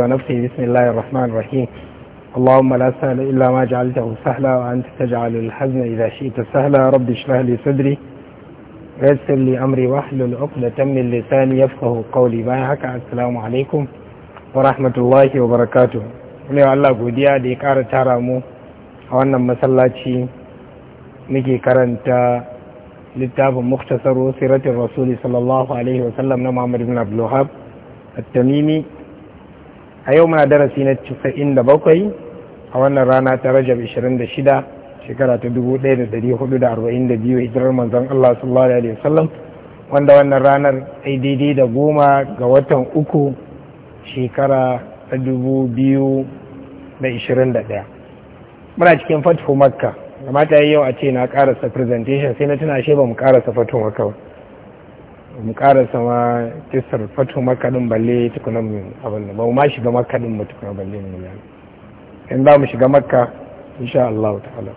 ونفسي بسم الله الرحمن الرحيم اللهم لا سهل إلا ما جعلته سهلا وأنت تجعل الحزن إذا شئت سهلا ربي اشرح لي صدري ويسر لي أمري واحلل عقدة من لساني يفقه قولي ما هكا السلام عليكم ورحمة الله وبركاته ولي الله غوديا دي كار تارامو وانا مسلاتي نجي كرنتا لتاب مختصر سيرة الرسول صلى الله عليه وسلم نمام بن عبد التميمي a yau muna darasi na casa'in da bakwai a wannan rana ta rajab 26 shekara ta 1442 hijirar manzon Allah sallallahu alaihi wasallam wanda wannan ranar daidai da goma ga watan uku shekara ta 2021 muna cikin fatihu makka kamata yau a ce na karasa presentation sai na tuna ashe ba mu karasa fatihu makka ba mu kara sama kisar fatu makadin balle tukuna mu abin ba ma shiga makadin mu tukuna balle mu ya in za mu shiga makka insha Allah ta'ala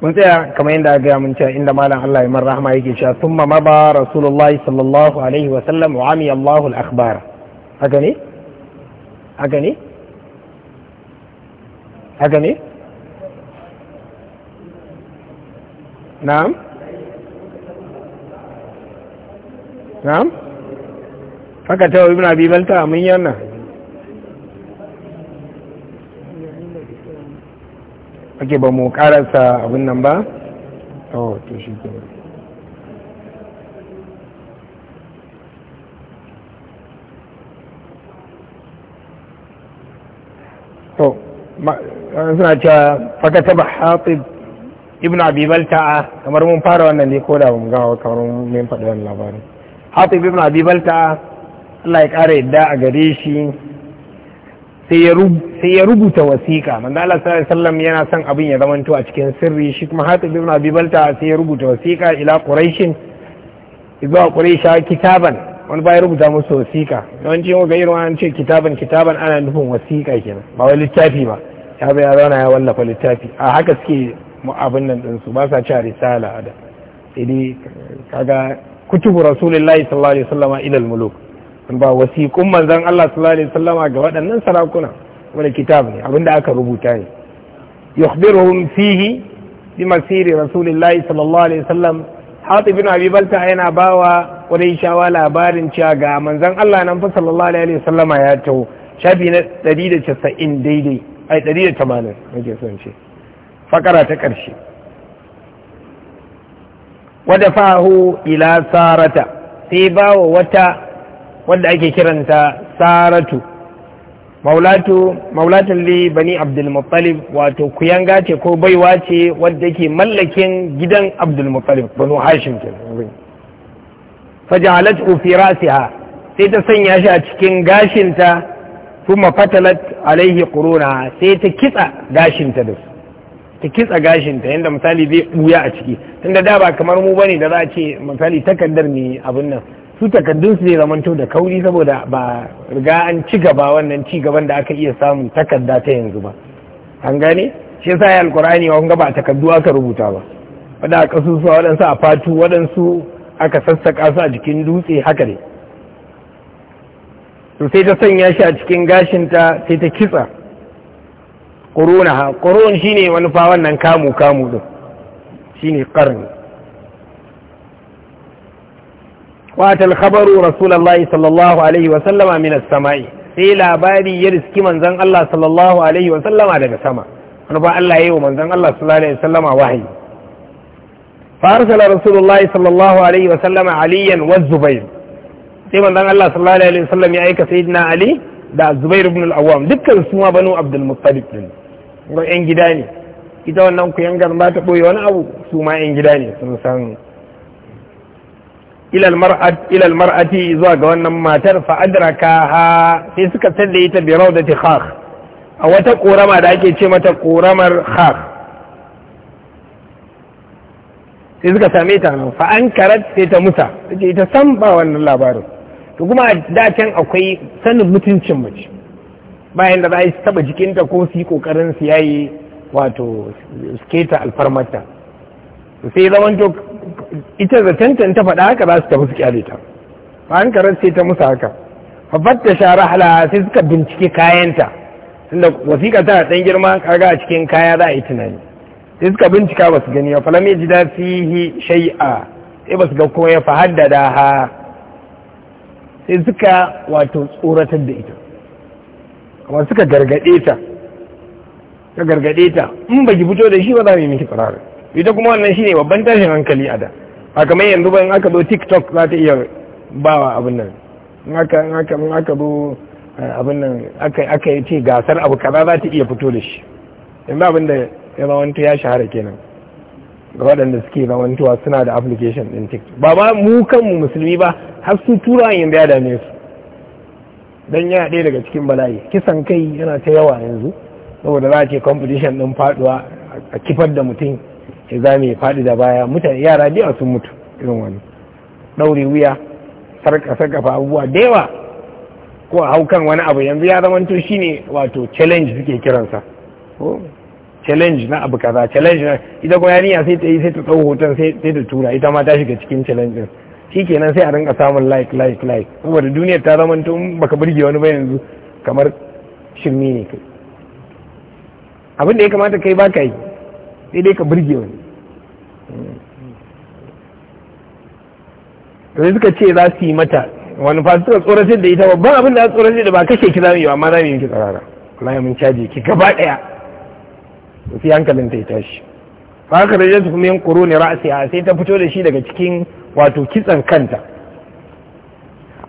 mun tsaya kamar yadda aka gaya mun cewa inda malam Allah ya mar rahma yake cewa summa maba rasulullahi sallallahu alaihi wa sallam wa ami al-akhbar haka ne haka ne haka ne نعم نعم haka ta ibn abi balta mun yana ake ba mu karasa abin nan ba oh to shi ke to suna cewa fakata ba hatib ibn abi balta'a kamar mun fara wannan ne ko da mun ga kamar mun faɗi wannan labarin hatib ibn abi balta'a Allah ya ƙara yadda a gare shi sai ya rubuta wasiƙa manzo Allah sallallahu alaihi wasallam yana son abin ya zamanto a cikin sirri shi kuma Hatib ibn Abi Balta sai ya rubuta wasiƙa ila Quraishin zuwa Quraisha kitaban wani ba ya rubuta musu wasiƙa yawanci mu ga irin an ce kitaban kitaban ana nufin wasiƙa kenan ba wai littafi ba ya bai zauna ya wallafa littafi a haka suke abin nan ɗinsu ba sa cewa risala da sai kaga kutubu rasulullahi sallallahu alaihi ilal muluk ba wasiƙun manzon Allah sallallahu alaihi ga waɗannan sarakuna wani kitab ne abinda aka rubuta ne yukhbiruhum fihi bi masiri rasulillahi sallallahu alaihi wasallam Abi Balta yana bawa Qurayshawa labarin cewa ga manzon Allah nan fa sallallahu alaihi wasallama ya taho shafi na 190 daidai ai 180 nake son ce fakara ta ƙarshe wadda fahu ila sarata sai bawa wata wadda ake kiranta saratu maulatu maulatun li bani abdulmuttalib wato kuyanga ce ko baiwa ce wadda ke mallakin gidan abdulmuttalib banu hashim ke fajalat fi rasiha sai ta sanya shi a cikin gashinta kuma fatalat alaihi quruna sai ta kitsa gashinta da su ta kitsa gashinta yadda misali zai buya a ciki tunda da ba kamar mu bane da za a ce misali takardar ne abin nan su takardun su zai zamanto da kauri saboda ba riga an ci gaba wannan ci gaban da aka iya samun takarda ta yanzu ba an gane shi yasa ya alkurani wa ga ba takardu aka rubuta ba wanda a kasusuwa waɗansu a fatu waɗansu aka sassaƙa su a jikin dutse haka ne to sai ta sanya shi a cikin gashinta sai ta kitsa qurunaha qurun shine wani fa wannan kamu kamu din shine qarni wata alkhabaru rasulullahi sallallahu alaihi wa sallama samai sai labari ya riski manzon Allah sallallahu alaihi daga sama wani ba Allah yayi wa manzon Allah sallallahu alaihi wa sallama wahayi فارسل رسول الله صلى الله عليه وسلم عليا والزبير sai manzon Allah sallallahu alaihi wasallam ya aika sayyidina Ali da Zubair ibn al-Awwam dukkan su ma banu Abdul Muttalib din ga 'yan gida ne ita wannan ku kuyangar ba ta ɓoye wani abu su ma 'yan gida ne sun san ilal mar'ati zuwa ga wannan matar fa'adraka ha sai suka sanda ita bi raudati khakh a wata korama da ake ce mata koramar khakh sai suka same ta nan fa an karat sai ta musa take ita san ba wannan labarin to kuma da can akwai sanin mutuncin mace bayan da za taba jikinta ko su yi kokarin su yayi wato sketa alfarmata sai to ita da ta faɗa haka za su tafi su kyale ta ba an karar sai ta musa haka ta shara hala sai suka bincike kayanta tunda wasiƙa ta ɗan girma kaga a cikin kaya za a yi tunani sai suka bincika ba su gani ba falame ji da su yi shai'a sai ba su ga koya fa da ha sai suka wato tsoratar da ita amma suka gargaɗe ta ka gargaɗe ta in ba ki fito da shi ba za mu yi miki tsirarin ita kuma wannan shine babban tashin hankali a da a kamar yanzu ba in aka zo tiktok za ta iya bawa abin nan in aka in aka in aka zo eh, abin nan aka aka yi ce gasar abu kaza za ta iya fito da shi yanzu abin da ya zawanto ya shahara kenan ga waɗanda suke zawantowa suna da application ɗin tiktok ba ba mu kanmu musulmi ba har su turawan yanzu ya dame su dan yana ɗaya daga cikin bala'i kisan kai yana ta yawa yanzu saboda za a ce competition ɗin faɗuwa a kifar da mutum ya za ya faɗi da baya mutane yara da sun mutu irin wani ɗaure wuya sarka sarkafa abubuwa da yawa ko a haukan wani abu yanzu ya zamanto shine wato challenge suke kiransa challenge na abu kaza challenge na ita ko yarinya sai ta yi sai ta tsawo hoton sai ta tura ita ma ta shiga cikin challenge shikenan sai a rinka samun like like like saboda duniyar ta zama tun baka burge wani ba yanzu kamar shirme ne kai abin da ya kamata kai baka yi sai dai ka burge wani to suka ce za su yi mata wani fasu suka tsoratar da ita babban abin da za tsoratar da ba kashe ki zamu yi amma mu yi ki tsarara wallahi mun caje ki gaba daya sai hankalin ta ya tashi fa ka rage su kuma yan ne ra'asi sai ta fito da shi daga cikin wato kitsan kanta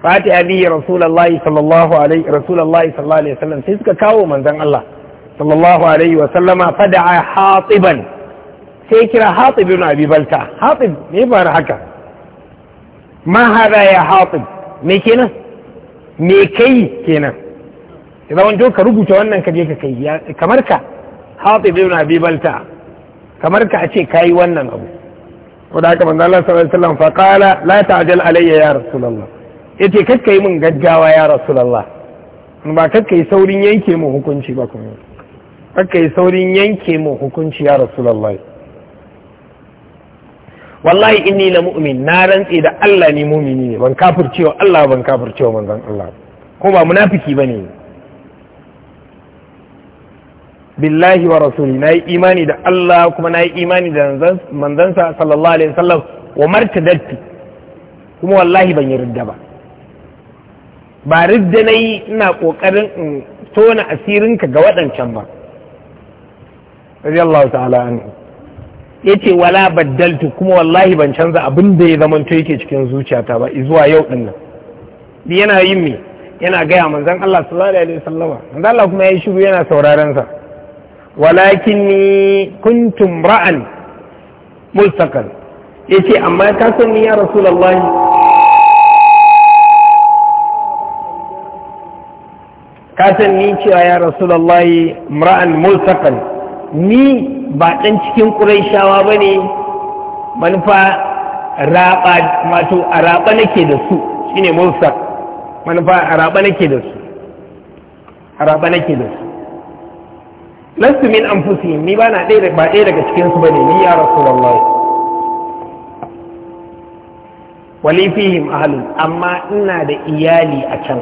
fatiha bi rasulullahi sallallahu alaihi rasulullahi sallallahu alaihi wasallam sai suka kawo manzon Allah sallallahu alaihi wa wasallama fada'a hatiban sai kira hatib ibn abi balta hatib me ba haka ma hada ya hatib me kenan me kai kenan idan wani ka rubuta wannan ka je ka kai kamar ka hatib ibn abi balta kamar ka a ce kayi wannan abu wadda aka manzan Allah sallallahu alaihi wasallam fa qala la ta'jal alayya ya rasulullah yace kakka yi min gaggawa ya rasulullah ba kakka yi saurin yanke mu hukunci ba kuma kakka yi saurin yanke mu hukunci ya rasulullah wallahi inni la mu'min na rantse da Allah ni mu'mini ne ban kafircewa Allah ban kafircewa manzan Allah ko ba munafiki bane ne billahi wa rasuli na yi imani da Allah kuma na yi imani da manzansa sallallahu alaihi wasallam wa martadatti kuma wallahi ban yi ridda ba ba ridda na yi ina kokarin in tona asirinka ga waɗancan ba radiyallahu ta'ala ya yace wala baddaltu kuma wallahi ban canza abin da ya zamanto yake cikin zuciyata ba zuwa yau din nan yana yin me yana gaya manzan Allah sallallahu alaihi wasallama manzan Allah kuma yayi shiru yana sauraron sa walakinni kuntum ra'an multaqan yace amma ka san ni ya rasulullahi ka san ni cewa ya rasulullahi ra'an mulsakan ni ba dan cikin quraishawa bane manufa raba mato a raba nake da su shine mulsak manufa a raba nake da su a raba nake da su lastu min anfusihim ni ba na ɗaya ba ɗaya daga cikin su bane ni ya rasulullahi wali fihim ahlun amma ina da iyali a can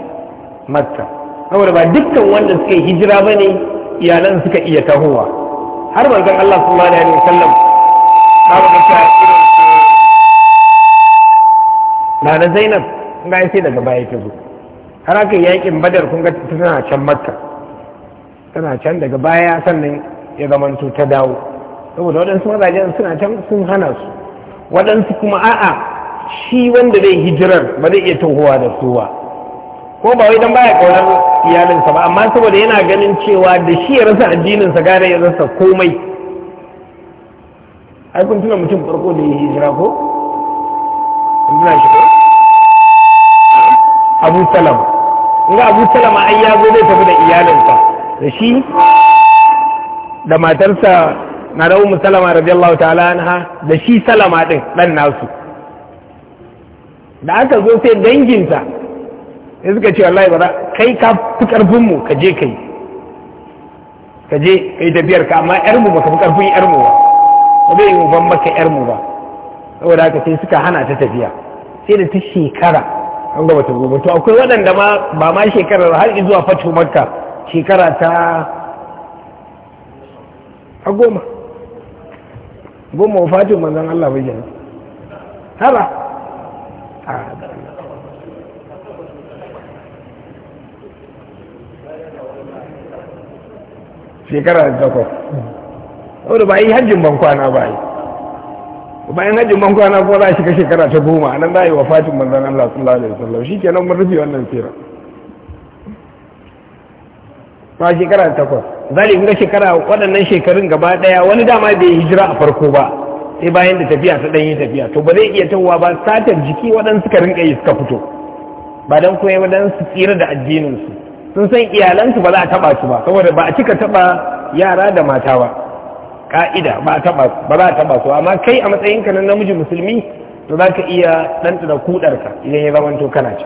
makka saboda ba dukkan wanda suka yi hijira bane iyalan suka iya tahowa har manzon Allah sallallahu alaihi wasallam ba ga ta irin na na Zainab ga sai daga baya ta zo har aka yakin Badar kun ga tana can makka tana can daga baya sannan ya zamanto ta dawo saboda waɗansu mazajen suna can sun hana su waɗansu kuma a'a shi wanda zai hijirar ba zai iya tohowa da su ba ko ba wai dan baya kaunar iyalinsa ba amma saboda yana ganin cewa da shi ya rasa addininsa gare ya rasa komai ai kun tuna mutum farko da ya hijira ko kun tuna shi ko abu salam in ga abu salama ai ya zo zai tafi da iyalinsa da shi da matarsa na ra'umu salama radiyallahu ta'ala anha da shi salama ɗin dan nasu da aka zo sai danginsa ya suka ce wallahi ba kai ka fi karfinmu ka je kai ka je kai tafiyar ka amma yarmu ba ka fi karfin yarmu ba ba zai yi ban maka yarmu ba saboda haka sai suka hana ta tafiya sai da ta shekara an gaba ta gobe to akwai waɗanda ma ba ma shekarar har zuwa fatu makka shekara ta a goma goma wa fatin manzan Allah bai jana a shekara ta takwas wadda ba yi hajjin bankwana ba yi bayan hajjin bankwana ko za a shiga shekara ta goma nan za a yi wa fatin manzan Allah sallallahu alaihi wasallam shi kenan mun rufe wannan tsira ma shekara takwas zali ga shekara waɗannan shekarun gaba ɗaya wani dama bai yi hijira a farko ba sai bayan da tafiya ta ɗanyi tafiya to ba zai iya tawowa ba satar jiki waɗansu ka rinka yi suka fito ba don koyi waɗansu tsira da addininsu sun san iyalansu ba za a taɓa su ba saboda ba a cika taɓa yara da mata ba ka'ida ba ba za a taɓa su amma kai a matsayinka na namiji musulmi to za ka iya ɗanɗana kuɗarka idan ya zamanto kana ci.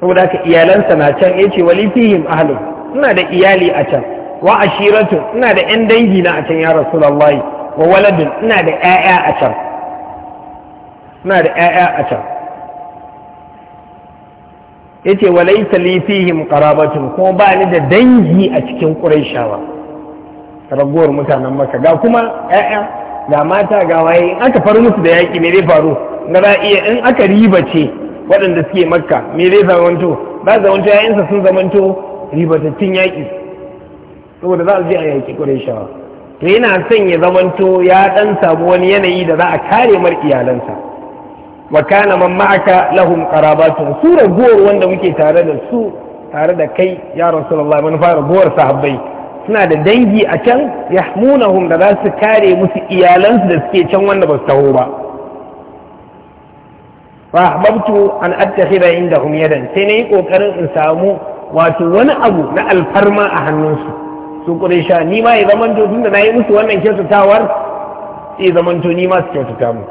saboda haka iyalansa na can yace wali fihim ahlun ina da iyali a can wa ashiratu ina da yan dangi na a can ya rasulullahi wa waladun ina da ƴaƴa a can ina da ƴaƴa a can yace walaysa li fihim qarabatun kuma ba ni da dangi a cikin qurayshawa ragowar mutanen maka ga kuma ƴaƴa ga mata ga waye in aka far musu da yaƙi me zai faru na iya in aka riba ce waɗanda suke makka me zai zamanto ba zamanto ya'yansa sun zamanto ribatattun yaƙi saboda za a je a yaƙi ƙureshawa to yana son ya zamanto ya ɗan samu wani yanayi da za a kare mar iyalansa wa kana man ma'aka lahum qarabatun su ragowar wanda muke tare da su tare da kai ya rasulullah mun fara gowar sahabbai suna da dangi a can yahmunahum da za su kare musu iyalansu da suke can wanda ba su taho ba fa ahbabtu an attakhidha indahum yadan sai nayi kokarin in samu wato wani abu na alfarma a hannunsu su quraisha ni ma ya zamanto tunda nayi musu wannan kyautatawar sai to ni ma su kyautata mu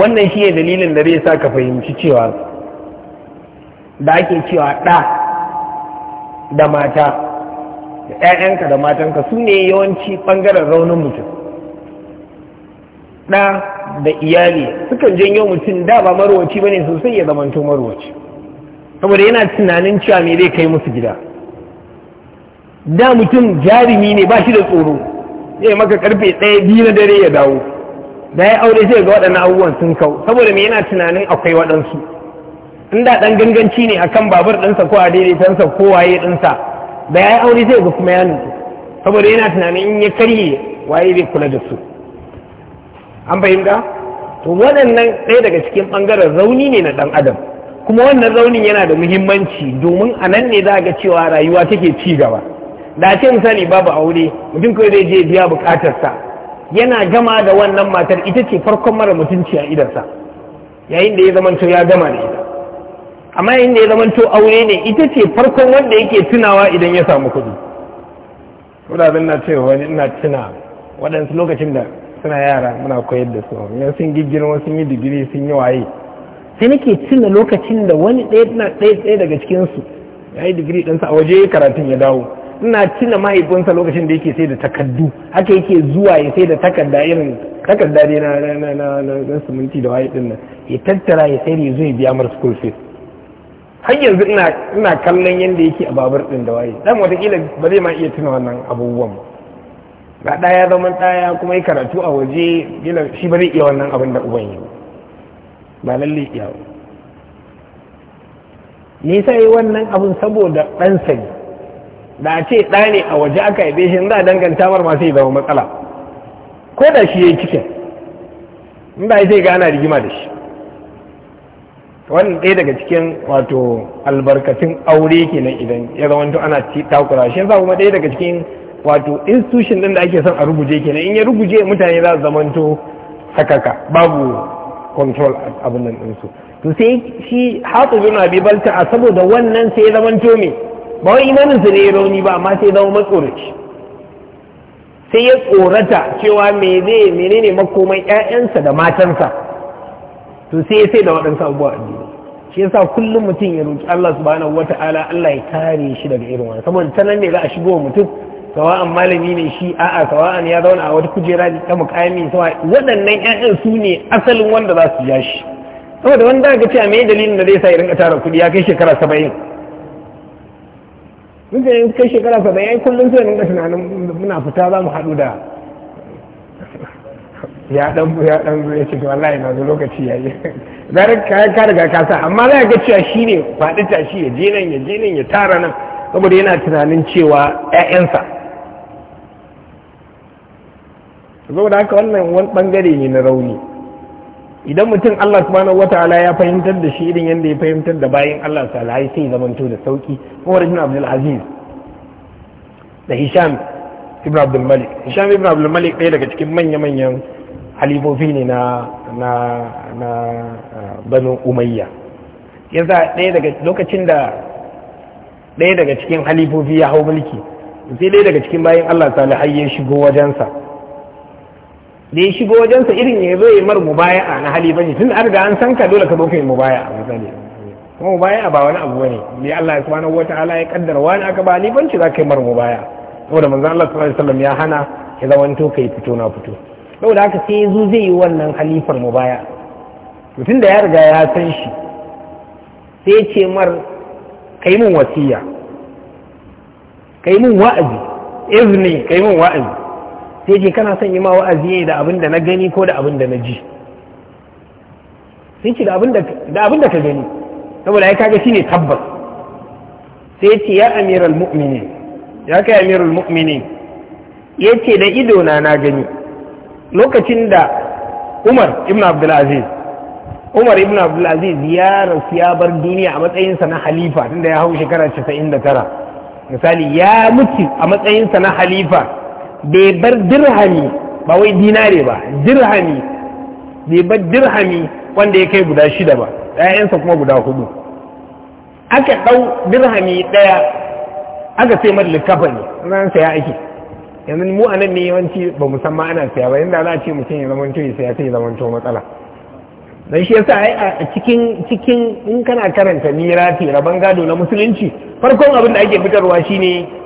wannan shi ne dalilin da zai sa ka fahimci cewa da ake cewa ɗa da mata da ‘ya'yanka da matanka su ne yawanci ɓangaren raunin mutum ɗa da iyali sukan janyo mutum da ba marwaci bane sosai ya zamanto marwaci saboda yana tunanin cewa me zai kai musu gida da mutum jarumi ne ba shi da tsoro zai maka karfe ɗaya biyu na dare ya dawo da ya aure sai ga waɗannan abubuwan sun kau saboda me yana tunanin akwai waɗansu in da ɗan ganganci ne akan babur ɗinsa ko a daidaitansa ko waye ɗinsa da ya aure sai ga kuma ya nutsu saboda yana tunanin in ya karye waye zai kula da su an fahimta to waɗannan ɗaya daga cikin ɓangaren rauni ne na ɗan adam kuma wannan raunin yana da muhimmanci domin a nan ne za ga cewa rayuwa take ci gaba da ce misali babu aure mutum kawai zai je biya bukatarsa yana gama da wannan matar ita ce farkon mara mutunci a idarsa yayin da ya zamanto ya gama da ita amma yayin da ya zamanto aure ne ita ce farkon wanda yake tunawa idan ya samu kuɗi. Wadda na ce wani ina tuna waɗansu lokacin da suna yara muna koyar da su yan sun girma wasu yi digiri sun yi waye sai nake tuna lokacin da wani ɗaya tana ɗaya ɗaya daga cikinsu ya yi digiri ɗansa a waje karatun ya dawo ina tuna mahaifinsa lokacin da yake sai da takardu haka yake zuwa ya sai da takarda irin takarda dai na na na na siminti da waye ɗin nan ya tattara ya sai da ya zo ya biya mar school fees har yanzu ina kallon yadda yake a babur ɗin da waye dan watakila ba zai ma iya tuna wannan abubuwan ba ga ɗaya zama ɗaya kuma yi karatu a waje gina shi ba zai iya wannan abin da uban yi ba lalle iya ne sai yi wannan abin saboda ɗan sani da a ce ɗa ne a waje aka yi shi za a danganta mar masu zama matsala ko da shi ya yi cikin in ba sai gana rigima da shi wannan ɗaya daga cikin wato albarkatun aure kenan idan ya zama ana takura shi yasa kuma ɗaya daga cikin wato institution din da ake son a ruguje kenan in ya ruguje mutane za su zamanto sakaka babu control abin nan ɗinsu to sai shi hatu bin abi balta a saboda wannan sai zamanto me ba wai imanin su ne rauni ba amma sai zama matsoraci sai ya tsorata cewa me zai menene makoman ƴaƴansa da matansa to sai sai da waɗansu abubuwa addini shi yasa kullum mutum ya roki Allah subhanahu wata'ala Allah ya kare shi daga irin wannan saboda ta ne za a shigo mutum sawa'an malami ne shi a'a sawa'an ya zauna a wata kujera ta mukami sawa waɗannan ƴaƴan su ne asalin wanda za su ja shi saboda wanda ga ce a me dalilin da zai sa ya tara kuɗi ya kai shekara saba'in mun ce kai shekara saba'in ai kullum sai rinka tunanin muna fita za mu haɗu da ya dan ya dan zuwa ce to wallahi na zo lokaci yayi zarar ka ka riga ka sa amma za ka cewa shi ne faɗi shi ya je nan ya je nan ya tara nan saboda yana tunanin cewa 'ya'yansa saboda haka wannan wani bangare ne na rauni idan mutum Allah subhanahu wataala ya fahimtar da shi irin yadda ya fahimtar da bayin Allah salihai sai to da sauki kuma ibn Abdul Aziz da Hisham ibn Abdul Malik Hisham ibn Abdul Malik ɗaya daga cikin manya-manyan halifofi ne na na na uh, Banu Umayya yasa ɗaya daga lokacin da ɗaya daga cikin halifofi ya hau mulki sai ɗaya daga cikin bayin Allah salihai ya shigo wajensa da ya shigo wajensa irin ya zo ya mar mubaya'a na hali bane tun an riga an san ka dole ka zo kai mubaya'a misali kuma mubaya'a ba wani abu bane ne Allah subhanahu wataala ya kaddara wani aka ba libanci za ka yi mar mubaya'a saboda manzon Allah sallallahu alaihi wasallam ya hana ya ka kai fito na fito saboda haka sai ya zo zai yi wannan halifar mubaya'a mutum da ya riga ya san shi sai ce mar kai mun wasiya kai mun wa'azi izini kai mun wa'azi sai ce kana son yi ma wa'azi da abin da na gani ko da abin da na ji sai ce da abin da ka gani saboda ya kaga shine tabbas sai ce ya amiral mu'mini ya kai amiral mu'mini ya ce da ido na na gani lokacin da umar ibn abdulaziz umar ibn abdulaziz ya rasu ya bar duniya a matsayinsa na halifa tunda ya hau shekara 99 misali ya mutu a matsayinsa na halifa bai bar dirhami ba wai dinare ba dirhami bai bar dirhami wanda ya kai guda shida ba yansa kuma guda hudu aka ɗau dirhami ɗaya aka sai mata likafa ne ran saya ake yanzu mu a nan ne yawanci ba mu san ana saya ba inda za a ce mutum ya zamanto ya saya sai ya zamanto matsala dan shi yasa ai a cikin cikin in kana karanta mirati rabon gado na musulunci farkon abin da ake fitarwa shine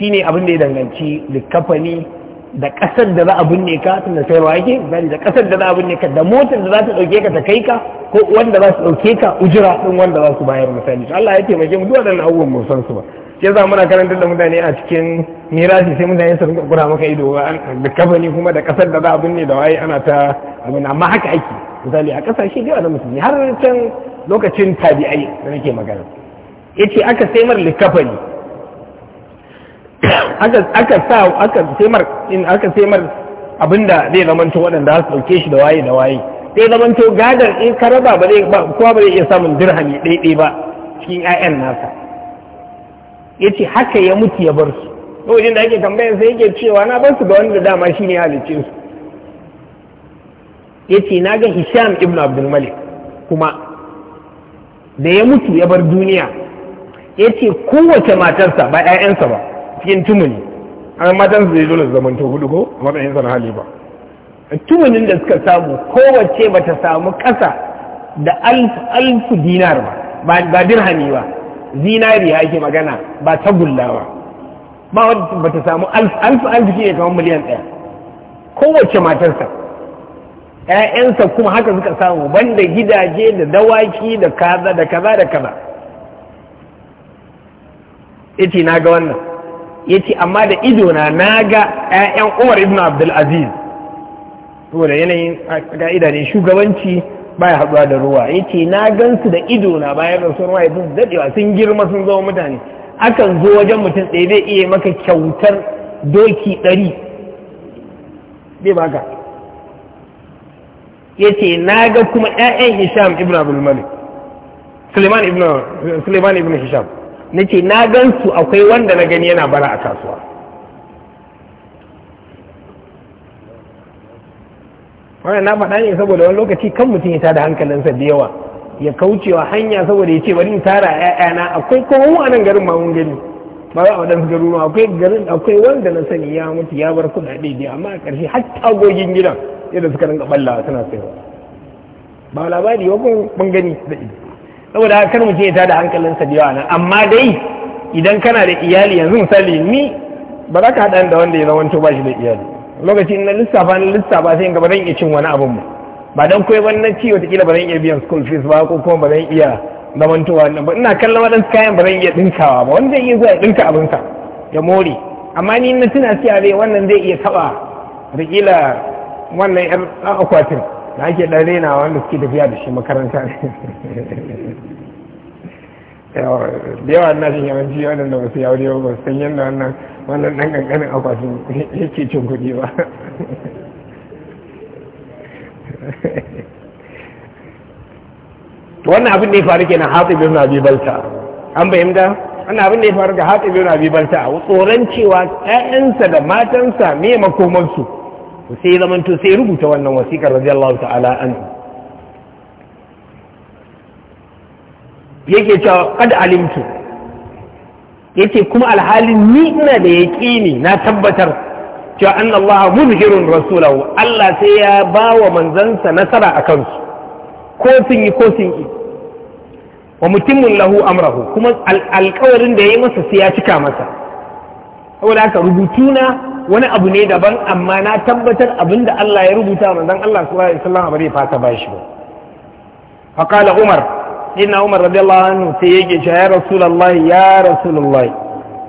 Shi ne abin da ya danganci likafani da kasar da za a binne ka tun da sayarwa yake zai da kasar da za a binne ka da motar da za ta dauke ka ta kai ka ko wanda za su dauke ka ujira din wanda za su bayar misali Allah ya taimake mu duwa waɗannan abubuwan mu san su ba ke za muna karantar da mutane a cikin mirasi sai mutane su rinka kura maka ido da kafani kuma da kasar da za a binne da waye ana ta amma haka aiki misali a kasashe da na musulmi har can lokacin tabi'ai da nake magana yace aka sai mar likafani aka sa aka taimar in aka taimar abinda zai zamanto waɗanda su ɗauke shi da waye da waye zai zamanto gadar in raba ba zai kowa ba zai iya samun dirhami ɗaiɗai ba cikin 'ya'yan nasa Ya ce haka ya mutu ya bar su lokacin da ake tambayar sai yake cewa na bar su ga wanda dama shi ne halicce su ce na ga Hisham ibn Abdul Malik kuma da ya mutu ya bar duniya Ya ce kowace matarsa ba 'ya'yansa ba cikin tumuni an matan zai dole su zamanta hudu ko a matsayin sana hali ba tumunin da suka samu kowace ba ta samu kasa da alfu dinar ba ba dirhami ba zinari ya ake magana ba gulla ba ba ba ta samu alfu alfu ne kamar miliyan ɗaya kowace matarsa ‘ya'yansa kuma haka suka samu banda gidaje da dawaki da kaza da kaza da kaza iti na ga wannan Ya ce amma da idona na ga 'ya'yan Umar ibn abdulaziz to da yanayin ga'ida ne shugabanci baya haɗuwa da ruwa Ya ce na gansu da idona bayan rasuwar ya daɗewa sun girma sun zama mutane akan zo wajen mutum ɗaya zai iya maka kyautar doki ɗari bai baka ce na ga kuma 'ya'yan Hisham ibn Abdulmalik. Suleiman ibn Hisham na ce na gan su akwai wanda na gani yana bara a kasuwa wannan na faɗa ne saboda wani lokaci kan mutum ya tada hankalinsa da yawa ya kaucewa hanya saboda ya ce bari in tara ƴaƴana akwai kuma mu a nan garin ma mun gani ba za a wadansu garuruwa akwai garin akwai wanda na sani ya mutu ya bar kuɗaɗe da amma a ƙarshe har tagogin gidan yadda suka rinka ballawa suna sayarwa ba labari wakon mun gani da ido saboda haka kar mutum ya tada hankalinsa da yawa nan amma dai idan kana da iyali yanzu misali ni ba za ka haɗa da wanda ya zama ba shi da iyali lokaci na lissafa na lissafa sai ga ba zan iya cin wani abin ba ba dan koyi ban nan ci wataƙila ba zan iya biyan school fees ba ko kuma ba zan iya zamantowa nan ba ina kallon waɗansu kayan ba zan iya ɗinkawa ba wanda zai iya zuwa ya ɗinka abinsa ya more amma ni na tuna cewa dai wannan zai iya taɓa wataƙila wannan 'yan akwatin da ake dan rena wanda suke tafiya da shi makaranta da yawa na shi yawanci waɗanda ba su yaure ba ba san yadda wannan wannan ɗan ƙanƙanin akwatin yake cin kuɗi ba wannan abin da ya faru kenan hatsi bin biyu balta an fahimta wannan abin da ya faru ga hatsi bin biyu balta tsoron cewa ƴaƴansa da matansa ne makomansu sai zamanto sai rubuta wannan wasiƙar radiyallahu ta'ala an yake cewa kad alimtu yake kuma alhalin ni ina da ƙini na tabbatar cewa anna Allah munhirun rasulahu Allah sai ya ba wa manzansa nasara a kansu ko sun yi ko sun yi wa mutumin lahu amrahu kuma alkawarin da ya yi masa sai ya cika masa saboda haka rubutu na wani abu ne daban amma na tabbatar abin da Allah ya rubuta wa manzon Allah sallallahu alaihi wasallam ba zai fasa bashi ba fa qala umar inna umar radiyallahu anhu sai yake cewa ya rasulullah ya rasulullah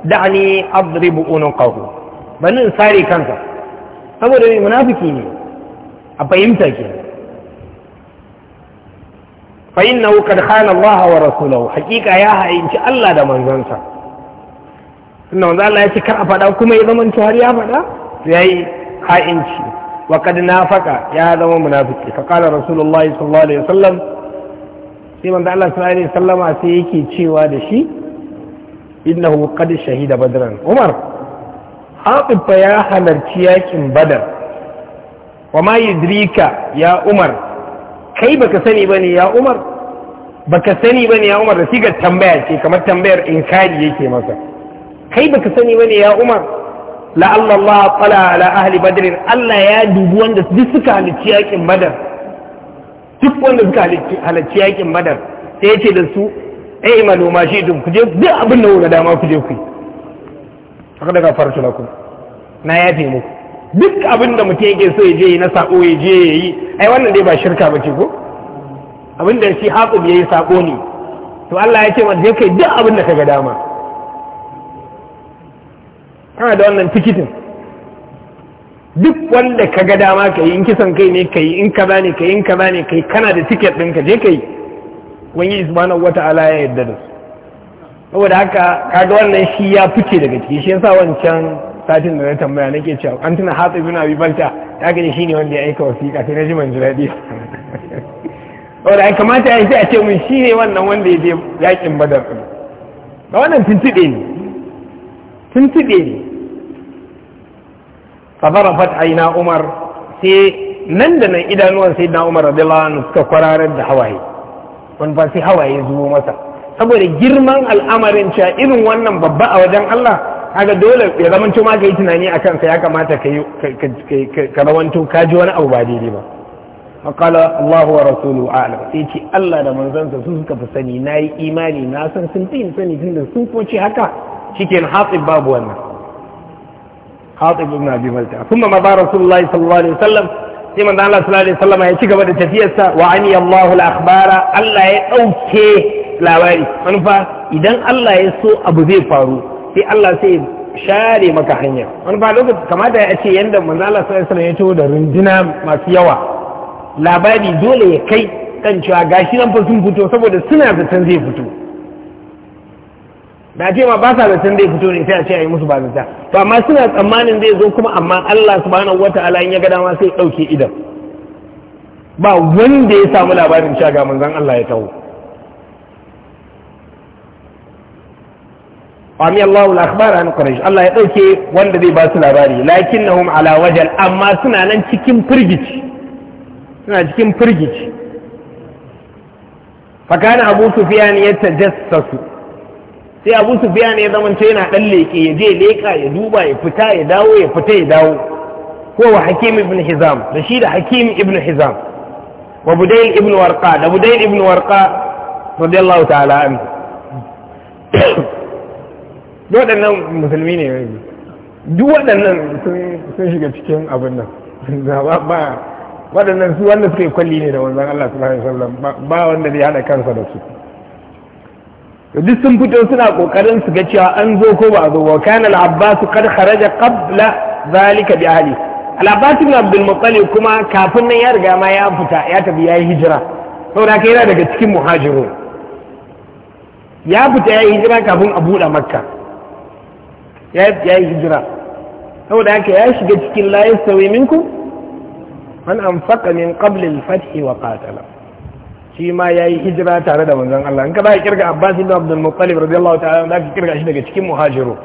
da'ni adrib unuqahu bani sare kanka saboda ne munafiki ne a fahimta ke fa innahu kad khana Allah wa rasulahu haqiqa ya ha'inci Allah da manzansa tunda wanzu Allah ya ce kar a faɗa kuma ya zama har ya faɗa Ya yi ha'inci wa kad faɗa ya zama munafiki fa qala rasulullahi sallallahu alaihi wasallam sai manzo Allah sallallahu alaihi wasallama sai yake cewa da shi innahu qad shahida badran umar haɗin ya halarci yakin badar wa ma yudrika ya umar kai baka sani bane ya umar baka sani bane ya umar da sigar tambaya ce kamar tambayar inkari yake masa kai baka sani bane ya umar la Allah tala ala ahli badr Allah ya dubi wanda duk suka halicci yakin badar duk wanda suka halicci yakin badar sai yace ce da su ai malu ma shi dum kuje duk abin da wuri dama kuje ku haka daga fara lakum na yafe muku duk abin da mutum yake so ya je na sako ya je ya yi ai wannan dai ba shirka ba ce ko abin da shi haƙu ya yi sako ne to Allah ya ce wanda ya kai duk abin da ka ga dama kana da wannan tikitin duk wanda ka ga dama ka yi in kisan kai ne ka yi in ka za ne ka yi in ka za ne ka yi kana da tiket ɗin ka je ka yi wani wata ala ya yadda da su saboda haka kaga wannan shi ya fice daga ciki shi yasa wancan satin da na tambaya nake cewa an tuna hatsa ibn abi balta ta gani shine wanda ya aika wasiƙa sai na ji man jiradi saboda ai kamata ya sai a ce mun shine wannan wanda ya je yakin badar ba wannan tuntuɗe ne tuntuɗe ne fadarafat aina umar sai nan da nan idanuwan sai na umar radiyallahu anhu suka kwararar da hawaye wani ba sai hawaye zuwa masa saboda girman al'amarin cewa irin wannan babba a wajen Allah haka dole ya zamanto ma ka yi tunani a kansa ya kamata ka yi ka rawanto ka ji wani abu ba daidai ba makala Allah wa rasulu alam sai ce Allah da manzansa su suka fi sani na yi imani na san sun fi sani tun da sun koci haka cikin hatsi babu wannan Hatib na Abi Balta kuma ma ba Rasulullahi sallallahu alaihi wasallam sai manzo Allah sallallahu alaihi wasallam ya ci gaba da tafiyarsa wa ani Allahu al-akhbara Allah ya dauke labari manufa idan Allah ya so abu zai faru sai Allah sai share maka hanya manufa lokacin kamata ya ce yanda manzo Allah sallallahu alaihi wasallam ya to da runduna masu yawa labari dole ya kai kan cewa gashi nan fa sun fito saboda suna zaton zai fito da ce ma ba sa can zai fito ne sai a ce a yi musu ba zata to amma suna tsammanin zai zo kuma amma Allah subhanahu wata'ala in ya ga dama sai dauke idan ba wanda ya samu labarin cewa ga manzon Allah ya taho Ami Allah wal akhbar an Quraysh Allah ya dauke wanda zai ba su labari lakinnahum ala wajal amma suna nan cikin firgici suna cikin firgici fakana Abu Sufyan yatajassasu sai abu su biya ne ya zamanta yana ɗan leƙe ya je leƙa ya duba ya fita ya dawo ya fita ya dawo ko wa hakim ibn hizam da shi da hakim ibn hizam wa budayl ibn warqa da budayl ibn warqa radiyallahu ta'ala an waɗannan musulmi ne duk waɗannan sun shiga cikin abin nan ba waɗannan su wanda suka kwalli ne da wanzan Allah subhanahu wa sallam ba wanda zai hada kansa da su duk sun fito suna kokarin su ga cewa an zo ko ba a zo wa kana al-abbas kad kharaja qabla zalika bi ahli al-abbas ibn abdul muttalib kuma kafin nan ya riga ma ya fita ya tafi yayi hijira saboda kai yana daga cikin muhajirun ya fita yayi hijira kafin a buɗe makka ya yayi hijira saboda haka ya shiga cikin la yasawi minkum man anfaqa min qabli al-fath wa qatala shi ma yi hijira tare da manzon Allah in ka ba kirga Abbas ibn Abdul Muttalib radiyallahu ta'ala da ka kirga shi daga cikin muhajiru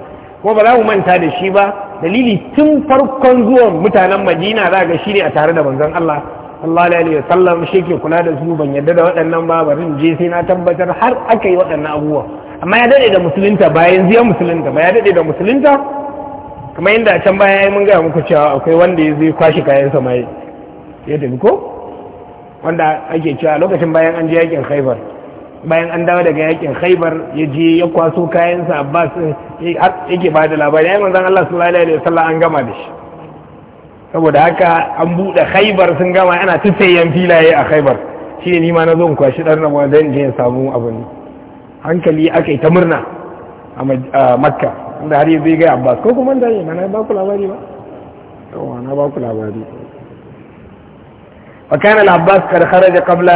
ko ba za mu manta da shi ba dalili tun farkon zuwan mutanen Madina za ga shi ne a tare da manzon Allah sallallahu alaihi wasallam shi ke kula da su ban yadda da waɗannan ba barin je sai na tabbatar har aka yi waɗannan abubuwa amma ya daɗe da musulunta bayan ziyan musulunta ba ya daɗe da musulunta kamar yadda a can baya mun gaya muku cewa akwai wanda ya zai kwashe kayan samaye ya tafi ko wanda ake cewa lokacin bayan an je yakin khaibar bayan an dawo daga yakin khaibar ya je ya kwaso kayansa abbas yake ba da labari ai manzon allah sallallahu alaihi wasallam an gama da shi saboda haka an buɗe khaibar sun gama ana ta sayan filaye a khaibar shi ne ma na zo kwashi ɗan rabuwa zan je samu abin hankali aka yi ta murna a makka inda har yanzu ya gaya abbas ko kuma da yi mana ba ku labari ba na ba ku labari وكان العباس قد خرج قبل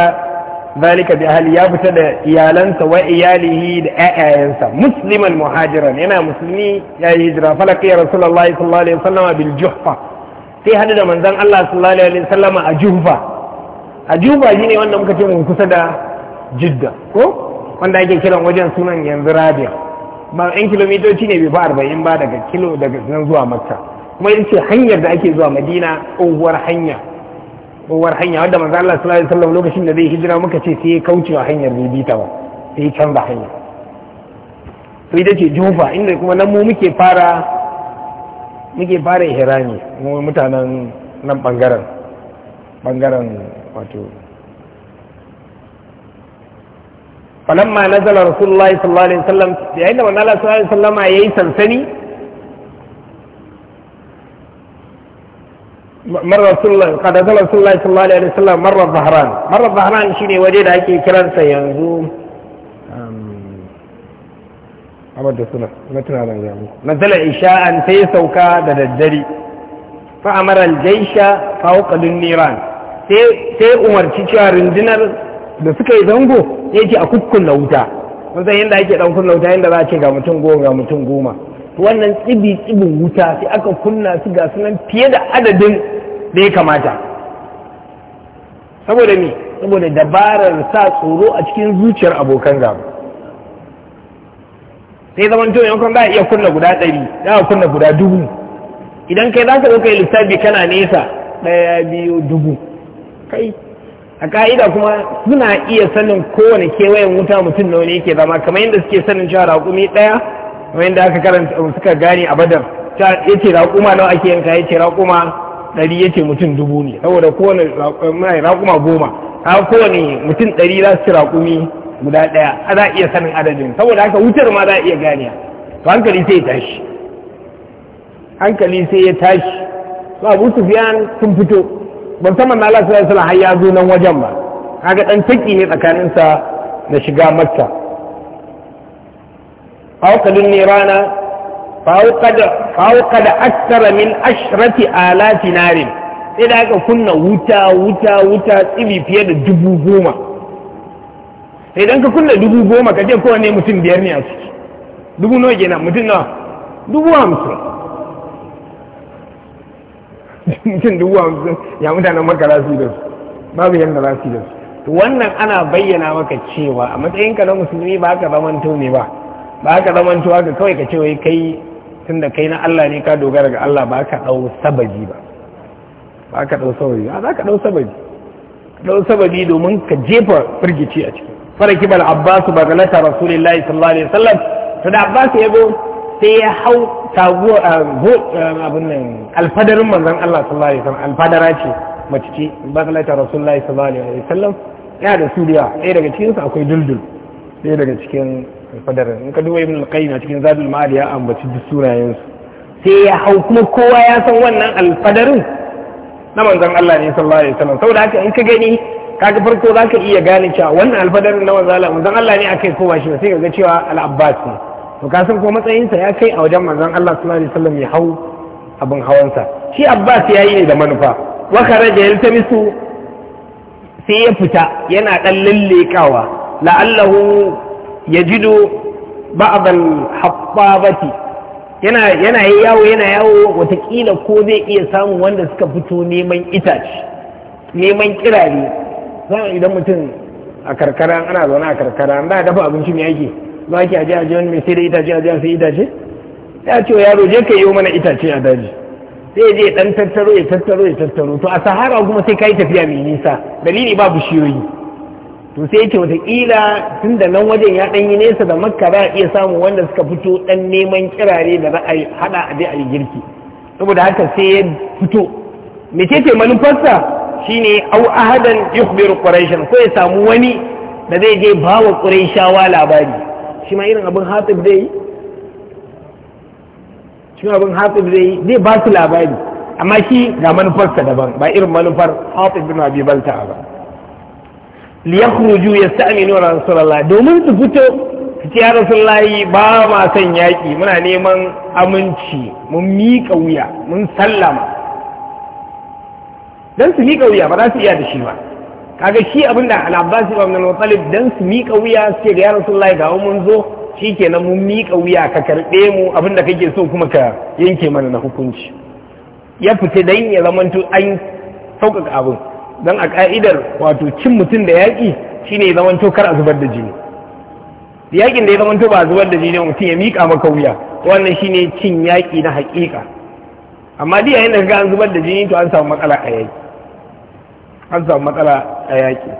ذلك بأهل يابتد إيالنسا وإياله لأعينسا مسلما مهاجرا هنا مسلمي يا هجرة فلقي رسول الله صلى الله عليه وسلم بالجحفة sai hadu da manzan Allah sallallahu alaihi wasallam a Jufa a Jufa shine wanda muka ce mun kusa da Jidda ko wanda ake kiran wajen sunan yanzu Rabia ba ɗan kilomitoci ne bai ba arba'in ba daga kilo daga nan zuwa Makka kuma ita ce hanyar da ake zuwa Madina tsohuwar hanya tsohuwar hanya wadda manzo Allah sallallahu alaihi wasallam lokacin da zai hijira muka ce sai ya kauce wa hanyar bai bita ba sai ya canza hanya to ita ce jufa inda kuma nan mu muke fara muke fara ihrami mu mutanen nan bangaren bangaren wato falamma nazala rasulullahi sallallahu alaihi wasallam yayin da manzo Allah sallallahu alaihi wasallam yayi sansani مر رسول الله قد رسول الله صلى الله عليه وسلم مر الظهران waje da ake kiransa yanzu amar da sai ya sauka da daddare fa sai sai umarci cewa rundunar da suka yi zango ce a kukkun wuta wanzan yadda ake dan kunna wuta yadda za a ce ga mutum ga mutum goma wannan tsibi tsibin wuta sai aka kunna su ga sunan fiye da adadin da ya kamata saboda me saboda dabarar sa tsoro a cikin zuciyar abokan gaba sai zaman to yankon za a iya kunna guda ɗari za a kunna guda dubu idan kai za ka zo kai lissafi kana nesa ɗaya biyu dubu kai a ka'ida kuma suna iya sanin kowane kewayen wuta mutum nawa ne yake zama kamar yadda suke sanin cewa raƙumi ɗaya wanda yadda aka karanta suka gane a badar ya ce raƙuma nawa ake yanka ya ce raƙuma ɗari ya ce mutum dubu ne saboda kowane raƙuma goma a kowane mutum ɗari za su ci raƙumi guda ɗaya a za a iya sanin adadin saboda haka wutar ma za a iya gane to hankali sai ya tashi hankali sai ya tashi to abu sufiyan sun fito ban san na Allah sallallahu alaihi har ya zo nan wajen ba kaga dan taki ne tsakaninsa da shiga makka haukalin ne rana fauka da aksara min ashirati alati narin sai da aka kunna wuta wuta wuta tsibi fiye da dubu goma sai don ka kunna dubu goma ka je kowane mutum biyar ne a mutum nawa dubu hamsin ya mutanen maka rasu da su babu yadda rasu da su wannan ana bayyana maka cewa a matsayinka na musulmi ba ka zama ne ba ba ka zaman cewa ka kawai ka ce wai kai tun da kai na Allah ne ka dogara ga Allah ba ka ɗau sabaji ba ba ka ɗau sabaji ba za ka ɗau sabaji ɗau sabaji domin ka jefa firgici a ciki faraki bal abbas ba ga lata rasulullahi sallallahu alaihi wasallam to da abbas ya go sai ya hau taguwa abin nan alfadarin manzon Allah sallallahu alaihi wasallam alfadara ce mace ce ba ga lata rasulullahi sallallahu alaihi wasallam ya da suriya ɗaya daga cikinsu akwai duldul ɗaya daga cikin fadar in ka duba ibn al-qayyim cikin zadul ma'ad ya ambaci duk surayen su sai ya hau kuma kowa ya san wannan alfadarin na manzon Allah ne sallallahu alaihi wasallam saboda haka in ka gani kaga farko zaka iya gane cewa wannan alfadarin na manzon Allah manzon Allah ne akai kowa shi sai kaga cewa al-abbas ne to ka san ko matsayinsa ya kai a wajen manzon Allah sallallahu alaihi wasallam ya hau abin hawansa shi abbas ya yi ne da manufa wa kharaja yaltamisu sai ya fita yana dan lallekawa la'allahu yajidu ba'd al-haffabati yana yana yawo yana yawo watakila ko zai iya samun wanda suka fito neman itace neman kirare zan idan mutum a karkara ana zaune a karkara an da dafa abinci mai yake ba ki aje aje wani mai sai da itace aje sai itace ya ce yaro je ka yi mana itace a daji sai je dan tattaro ya tattaro ya tattaro to a sahara kuma sai kai tafiya mai nisa dalili ba bishiyoyi to sai ce wataƙila tun da nan wajen ya ɗanyi nesa da makka za a iya samun wanda suka fito ɗan neman kirare da za a haɗa a a girki saboda haka sai ya fito ce manufarsa shine au ahadan yukhbiru quraishan ko ya samu wani da zai je ba wa quraishawa labari shi ma irin abin hatib zai yi shi ma abin hatib zai yi zai ba su labari amma shi ga manufarsa daban ba irin manufar hatib bin abi balta ba liyakhruju yasta'minu rasulullah domin su fito su ce ya rasulullahi ba ma son yaƙi muna neman aminci mun miƙa wuya mun sallama dan su miƙa wuya ba za su iya da shi ba kaga shi abin da al-Abbas ibn al-Muttalib dan su miƙa wuya su ga ya rasulullahi ga mun zo shikenan mun mika wuya ka karɓe mu abin da kake so kuma ka yanke mana na hukunci ya fita dan ya zamanto an sauƙaƙa abin don a ka'idar wato cin mutum da yaƙi shine ya zamanto kar a zubar da jini yaƙin da ya zamanto ba a zubar da jini mutum ya miƙa maka wuya wannan shine cin yaƙi na haƙiƙa amma duk yayin da kaga an zubar da jini to an samu matsala a yaƙi an samu matsala a yaƙi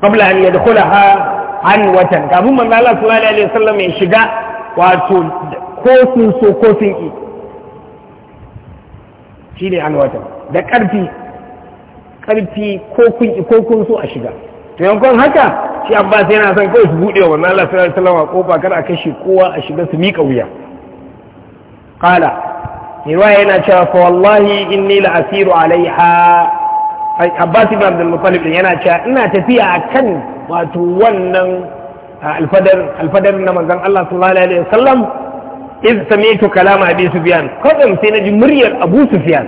qabla an yadkhulaha an watan kafin manzo Allah sallallahu alaihi wasallam ya shiga wato ko sun so ko sun ki shine alwatan da ƙarfi ƙarfi ko kun ko kun so a shiga to yankon haka shi abbas yana son kawai su buɗe wa wannan Allah sallallahu alaihi ko ba kada a kashe kowa a shiga su mika wuya qala riwaya yana cewa fa wallahi inni la asiru alaiha abbas ibn abdul muttalib yana cewa ina tafiya akan wato wannan alfadar alfadar na manzon Allah sallallahu alaihi wasallam iz sami'tu kalama abi sufyan kawai sai na ji muryar abu sufyan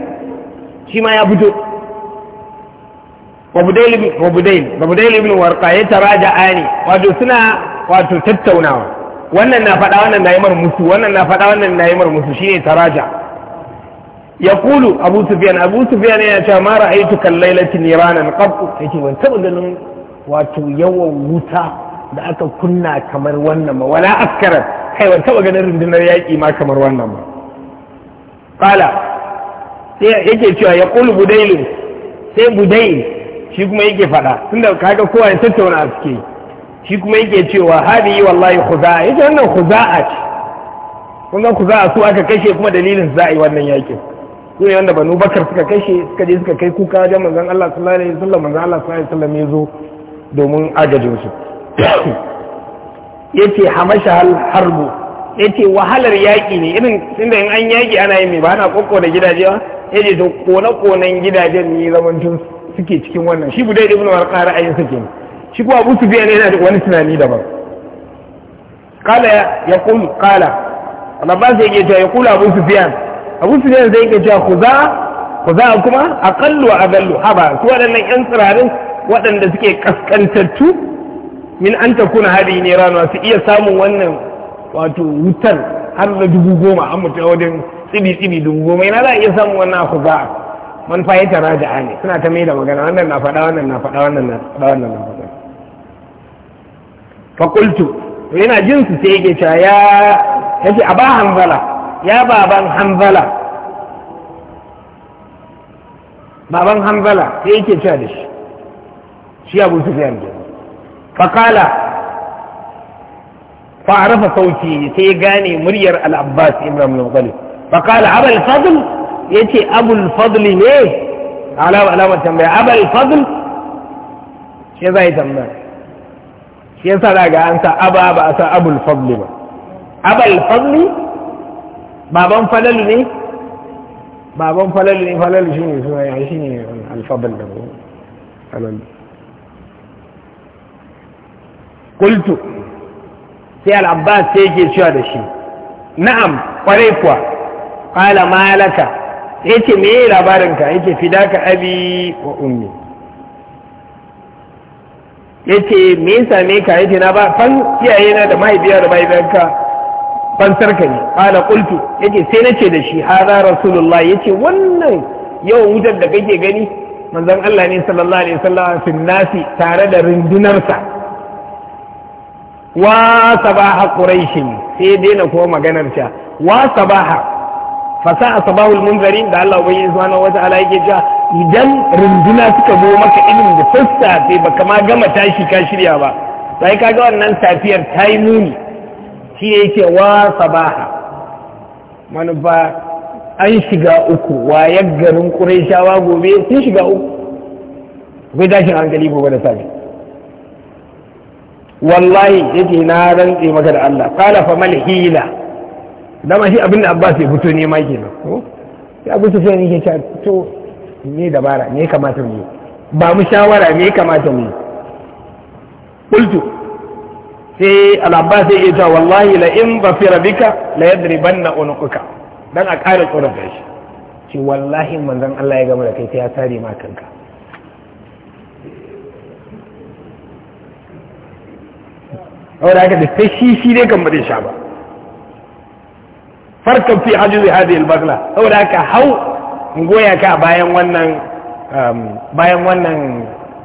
shi ma ya fito wabudai ibn warqa ya taraja ani wato suna wato tattaunawa wannan na fada wannan na yi mar musu wannan na fada wannan na yi mar musu shine taraja ya kulu abu sufyan abu sufyan yana cewa ma ra'aytu kal lailati niranan qab yace ban taɓa ganin wato yawan wuta da aka kunna kamar wannan ma wala askarar kai ban taba ganin rundunar yaƙi ma kamar wannan ba qala sai yake cewa ya ƙulu budailu sai budai shi kuma yake faɗa tunda kaga kowa ya tattauna a suke shi kuma yake cewa hadi wallahi khuza'a yake wannan khuza'a ce kun ga khuza'a su aka kashe kuma dalilin za a yi wannan yaƙin su ne wanda banu bakar suka kashe suka je suka kai kuka wajen manzon Allah sallallahu alaihi wasallam manzon Allah sallallahu alaihi wasallam ya zo domin agajin su yace hamasha hal harbu yace wahalar yaƙi ne irin inda in an yaƙi ana yin me ba ana kokko da gidaje ba yace to kone konen gidajen ne zaman tun suke cikin wannan shi budai ibn warqa ra'ayin sa kenan shi ko abu ne yana da wani tunani daban ya qala yaqul qala al-abbas yake cewa yaqul abu sufyan abu biya zai yake cewa khuza khuza kuma a aqallu a adallu haba su waɗannan yan tsirarin waɗanda suke ƙasƙantattu. min an ta kuna hadi ne rana su iya samun wannan wato wutar har da dubu goma an mutu wajen tsibi tsibi dubu goma yana za a iya samun wannan aku ba man fa ya tara da ne suna ta mai da magana wannan na faɗa wannan na faɗa wannan na faɗa wannan na faɗa fakultu yana jin su sai yake cewa ya a ba hanzala ya baban hanzala baban hanzala sai yake cewa da shi shi abu su fiye faƙala fa'arafa sauki sai ya gane muryar al'abbas ibn al-muttalib faƙala abal fadl yace abul fadl ne alama alama tambaya abal fadl shi zai tambaya shi yasa za ga an sa aba ba a sa abul fadl ba abal fadl baban falalu ne baban falalu ne falalu shine suna shi ne alfabal da falalu kultu sai al'abbas sai yake cewa da shi na'am kwarai kuwa kala malaka yace me yayi labarinka yace fidaka abi wa ummi ce me ya same ka yace na ba fan iyaye na da mahaifiya da mahaifiyanka fansar ka ne kala kultu yake sai nace da shi hada rasulullah yace wannan yawan wutar da kake gani manzon Allah ne sallallahu alaihi wasallam fil tare da rundunarsa wa sabaha quraishin sai daina ko maganar ta wa sabaha fasa sabahul munzirin da Allah zuwa wata wata'ala yake ja idan runduna suka zo maka ilimin da sai baka ma gama tashi ka shirya ba sai kaga wannan safiyar ta yi muni shi yake wa sabaha manufa an shiga uku wa yaggarin quraishawa gobe sun shiga uku akwai tashin hankali gobe da safe wallahi yake na rantse maka da Allah qala fa mal hila dama shi abinda Abbas ya fito ne ma kenan ko ya Abu Sufyan yake cewa to ne dabara ne kamata mu ba mu shawara ne kamata mu qultu sai al-Abbas ya ce wallahi la in fi bika la yadribanna unuquka dan a ƙara tsoron shi ce wallahi manzon Allah ya gama da kai sai ya sare ma kanka saboda haka da sai shi shi dai kan bari sha ba farkan fi zai hadi albasla saboda haka hau goya ka bayan wannan um, bayan wannan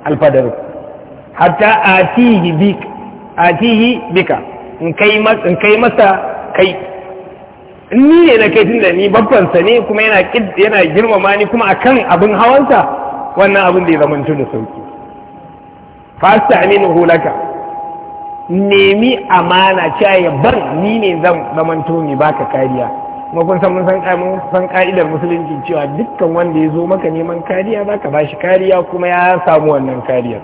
alfadar hatta a tihi bika in kai in kai masa kai ni ne na kai da ni babbansa ne kuma yana yana girmama ni kuma akan abin hawansa wannan abin da ya zama da sauki fasta aminu hulaka. nemi amana cewa ya bar ni ne zan zamanto ne baka kariya kuma kun san mun san san ka'idar musulunci cewa dukkan wanda ya zo maka neman kariya zaka bashi kariya kuma ya samu wannan kariyar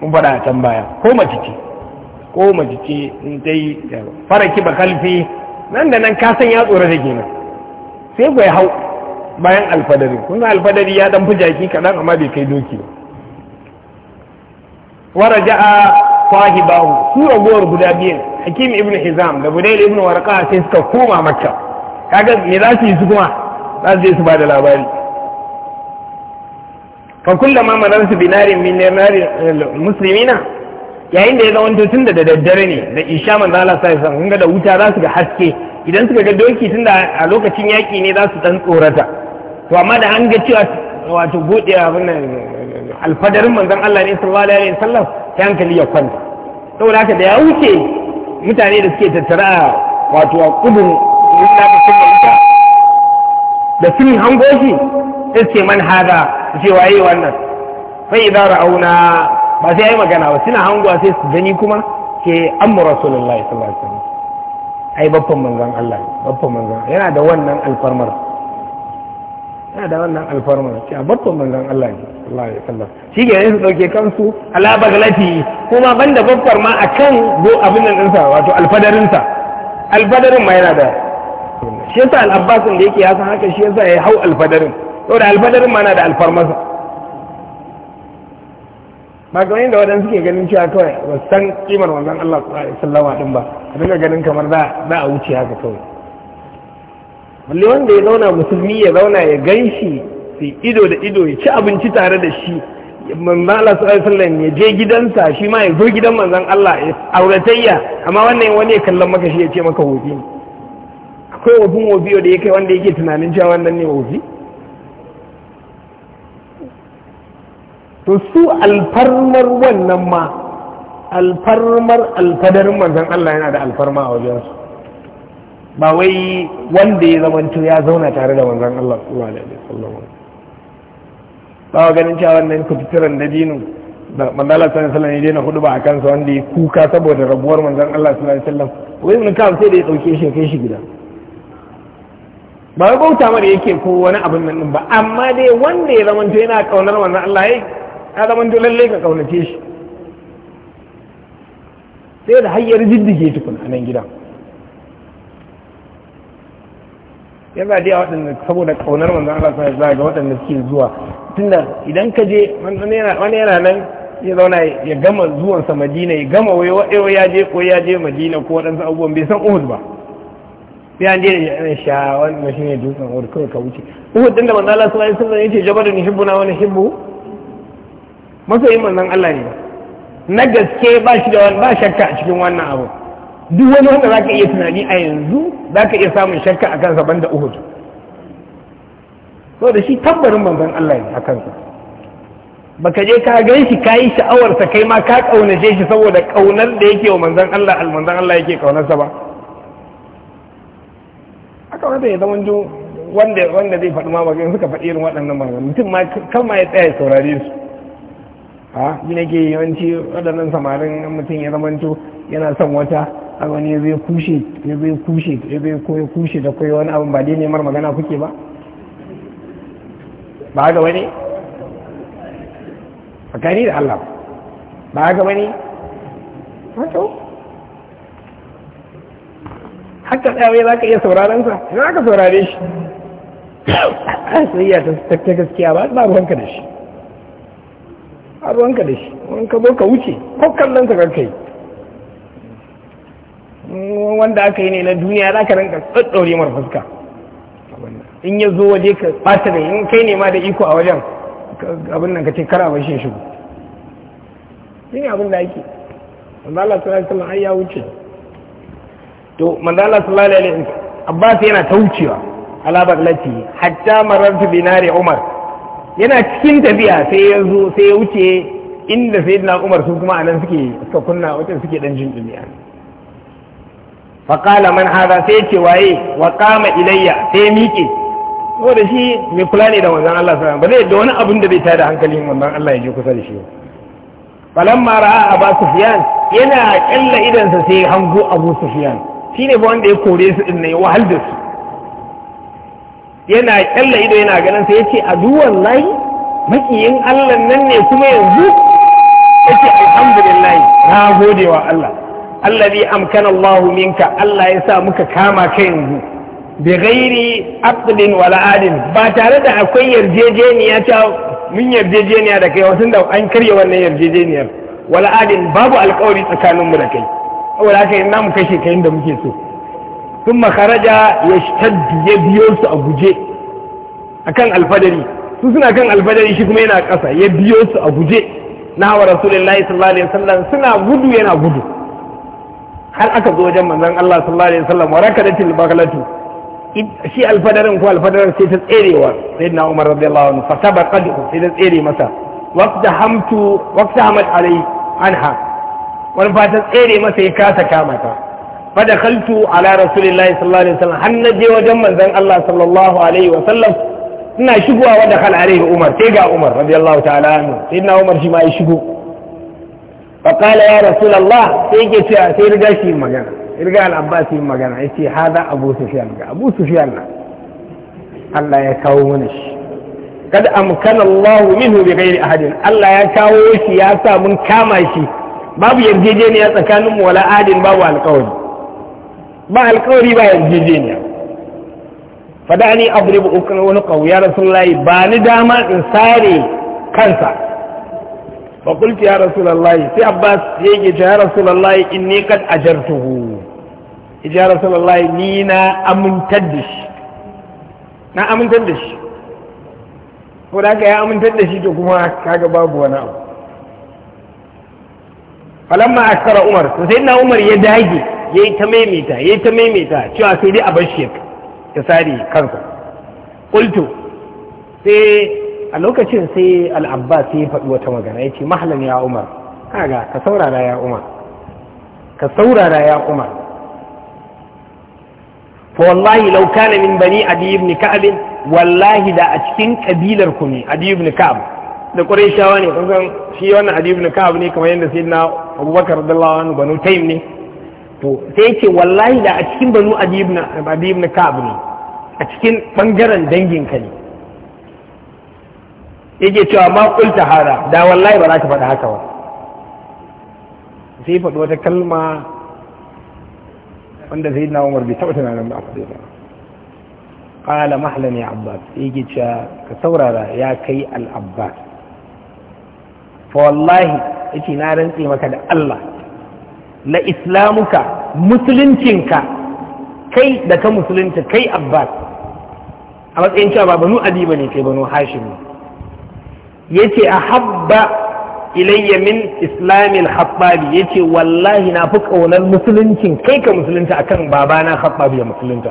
mun faɗa a can baya ko mace ce ko mace in dai faraki kiba kalfi nan da nan ka san ya tsora da kenan sai ku hau bayan alfadari kun san alfadari ya dan fi jaki kaɗan amma bai kai doki ba ja'a. sahibahu su ragowar guda biyan hakim ibn hizam da budayl ibn warqa sai suka koma makka kaga me za su yi su kuma za su je su bada labari fa kullama mararsu binarin min nari eh, muslimina yayin da ya zama tun da daddare ne da isha manzo Allah sai san kun ga da wuta za su ga haske idan suka ga doki tunda a lokacin yaki ne za su dan tsorata to amma da an ga cewa wato bude abin nan alfadarin manzon Allah ne sallallahu alaihi wasallam ta hankali ya kwanta saboda haka da ya wuce mutane da suke tattara a wato a kudin wuta da sun wuta da sun hango shi sai suke man hada su ce waye wannan sai idan ra'auna ba sai yi magana ba suna hangowa sai su gani kuma ke amma rasulullahi sallallahu alaihi wasallam ai babban manzon Allah babban manzon yana da wannan alfarmar na da wannan alfarma ce a babban manzon Allah ne Allah ya sallar shi ke yin su dauke kansu ala baglati kuma banda babbar ma akan go abin nan ninsa wato alfadarinsa alfadarin ma yana da shi yasa al'abbasin da yake ya san haka shi yasa ya hau alfadarin saboda alfadarin ma na da alfarmasa ba kamar yadda wadanda suke ganin cewa kawai ba san kimar wanzan Allah sallama din ba a dinga ganin kamar za a wuce haka kawai wanda wanda ya zauna musulmi ya zauna ya gan shi sai ido da ido ya ci abinci tare da shi manzo Allah sallallahu alaihi ya je gidansa shi ma ya zo gidan manzan Allah ya auratayya amma wannan wani ya kallon maka shi ya ce maka hobi akwai wofin wobiyo da ya kai wanda yake tunanin cewa wannan ne wofi to su alfarmar wannan ma alfarmar alfadarin manzan Allah yana da alfarma a wajensu ba wai wanda ya zamanto ya zauna tare da wanzan Allah sallallahu alaihi wasallam ba ganin cewa wannan kufturan da dinu da manzala sallallahu alaihi wasallam ya hudu ba a kansa wanda ya kuka saboda rabuwar wanzan Allah sallallahu alaihi wasallam wai ibn kam sai da ya dauke shi kai shi gida ba wai bauta mara yake ko wani abin nan ba amma dai wanda ya zamanto yana kaunar manzon Allah ya eh, ya zamanto lalle ka kaunace shi sai da hayyar jiddige tukun a nan gidan yana da waɗanda saboda kaunar manzon Allah sai za ga waɗanda suke zuwa tunda idan ka je wani yana nan ya zauna ya gama sa Madina ya gama waye ya je ko ya je Madina ko waɗansu abubuwan bai san Uhud ba sai an je da sha wani mashine dutsen Uhud kawai ka wuce Uhud din da manzon Allah sallallahu alaihi wasallam yace ni yuhibbuna wani hibbu masoyin manzon Allah ne na gaske ba shi da wani ba shakka a cikin wannan abu duk wani wanda za ka iya tunani a yanzu za ka iya samun shakka a kansa banda uhud so da shi tabbarin manzon Allah ne a kansa baka je ka gan shi ka yi sha'awarsa kai ma ka ƙaunace shi saboda ƙaunar da yake wa manzon Allah almanzon Allah yake ƙaunarsa ba aka wanda ya zama wanda wanda zai faɗi ma magana suka faɗi irin waɗannan ba. mutum ma kan ma ya tsaya saurare su ha yi nake yawanci waɗannan samarin mutum ya zama yana son wata abu ne ya zai kushe ya zai kushe ya zai koya kushe da koya wani abin ba dai nemar magana kuke ba ba haka a gani da Allah ba haka wani wato hatta tsaye za ka iya sauraransa za ka saurare shi a tsayya ta ta gaskiya ba ba ruwanka da shi a ruwanka da shi wanka zo ka wuce ko kallon sa kai wanda aka yi ne na duniya za ka rinka tsaddaure mar fuska in ya zo waje ka bata da in kai ne ma da iko a wajen abin nan ka ce kara bai shan shigo shi ne abin da ake manzo Allah sallallahu alaihi wasallam ya wuce to manzo Allah sallallahu alaihi wasallam Abbas yana ta wucewa alabar lati hatta marartu ta nari Umar yana cikin tafiya sai ya zo sai ya wuce inda sayyidina Umar su kuma anan suke suka kunna wajen suke dan jin duniya faƙala man haza sai ce waye wa kama ilayya sai miƙe ko da shi mai kula ne da manzon Allah sallallahu ba zai da wani abun da bai tada hankalin manzon Allah ya je kusa da shi falamma ra'a Abu Sufyan yana kalla idansa sai hango Abu Sufyan shine ba wanda ya kore su na yi wahal da su yana kalla ido yana ganin sai yace duwan layi maƙiyin Allah nan ne kuma yanzu yace alhamdulillah na gode wa Allah allazi amkana Allahu minka Allah ya sa muka kama ka yanzu bi ghairi aqdin wala adin ba tare da akwai yarjejeniya ta mun yarjejeniya da kai wasu da an karya wannan yarjejeniyar wala adin babu alkawari tsakanin mu da kai saboda haka ina mu kashe kai da muke so sun makaraja ya shtaddu ya biyo su a guje akan alfadari su suna kan alfadari shi kuma yana ƙasa ya biyo su a guje na wa rasulullahi sallallahu alaihi wasallam suna gudu yana gudu har aka zo wajen manzon Allah sallallahu alaihi wasallam wa rakadatil baglatu shi alfadarin ko alfadarin sai ta tserewa sayyidina Umar radiyallahu anhu fa sabaqadu sai ta tsere masa waqta hamtu waqta hamat alai anha wani fa ta tsere masa ya kasa kamata, ta fa dakhaltu ala rasulillahi sallallahu alaihi wasallam har na je wajen manzon Allah sallallahu alaihi wasallam ina shigowa wa dakhal alaihi Umar sai ga Umar radiyallahu ta'ala anhu sayyidina Umar shi ma ya shigo فقال يا رسول الله سيجي سيرجع شيء مجانا يرجع العباس مجانا يتي هذا أبو سفيان أبو سفيان الله يكونش قد أمكن الله منه بغير أحد الله يكاوش ياسا من كما شيء babu yarjejeniya tsakaninmu wala adin babu alkawari ba alkawari ba yarjejeniya fada ni abu ne wani kawo ya rasu layi ba ni dama in sare kansa fa qultu ya rasulullahi sai abbas yake ce ya rasulullahi inni kad ajartuhu ya rasulullahi ni na amintar da shi na amintar da shi ko da ya amintar da shi to kuma kaga babu wani abu falamma askara umar to sai na umar ya dage yayi ta maimaita yayi ta maimaita cewa sai dai a bar shi ya sare kansa qultu sai a lokacin sai al'abbas ya faɗi wata magana ya ce mahalan ya umar kaga ka saurara ya umar ka saurara ya umar fa wallahi law kana min bani adi ibn ka'ab wallahi da a cikin kabilar ku ne adi ibn ka'ab da qurayshawa ne kun san shi wannan adi ibn ka'ab ne kamar yadda sayyidina abubakar radiyallahu anhu banu taym ne to sai ce wallahi da a cikin banu adi ibn adi ibn ka'ab ne a cikin bangaren dangin ka ne yake cewa ma kulta hada da wallahi ba za ta faɗa haka ba sai faɗi wata kalma wanda zai na umar bai taɓa tunanin ba a faɗi ba ƙala mahlan ya abbas yake cewa ka saurara ya kai al'abbas fa wallahi yake na rantse maka da allah na islamuka musuluncinka kai da ka musulunta kai abbas a matsayin cewa ba banu ali ba ne kai banu hashim ne yace ahabba ilayya min islamil khattabi yace wallahi na fi kaunar musuluncin kai ka musulunta akan babana khattabi ya musulunta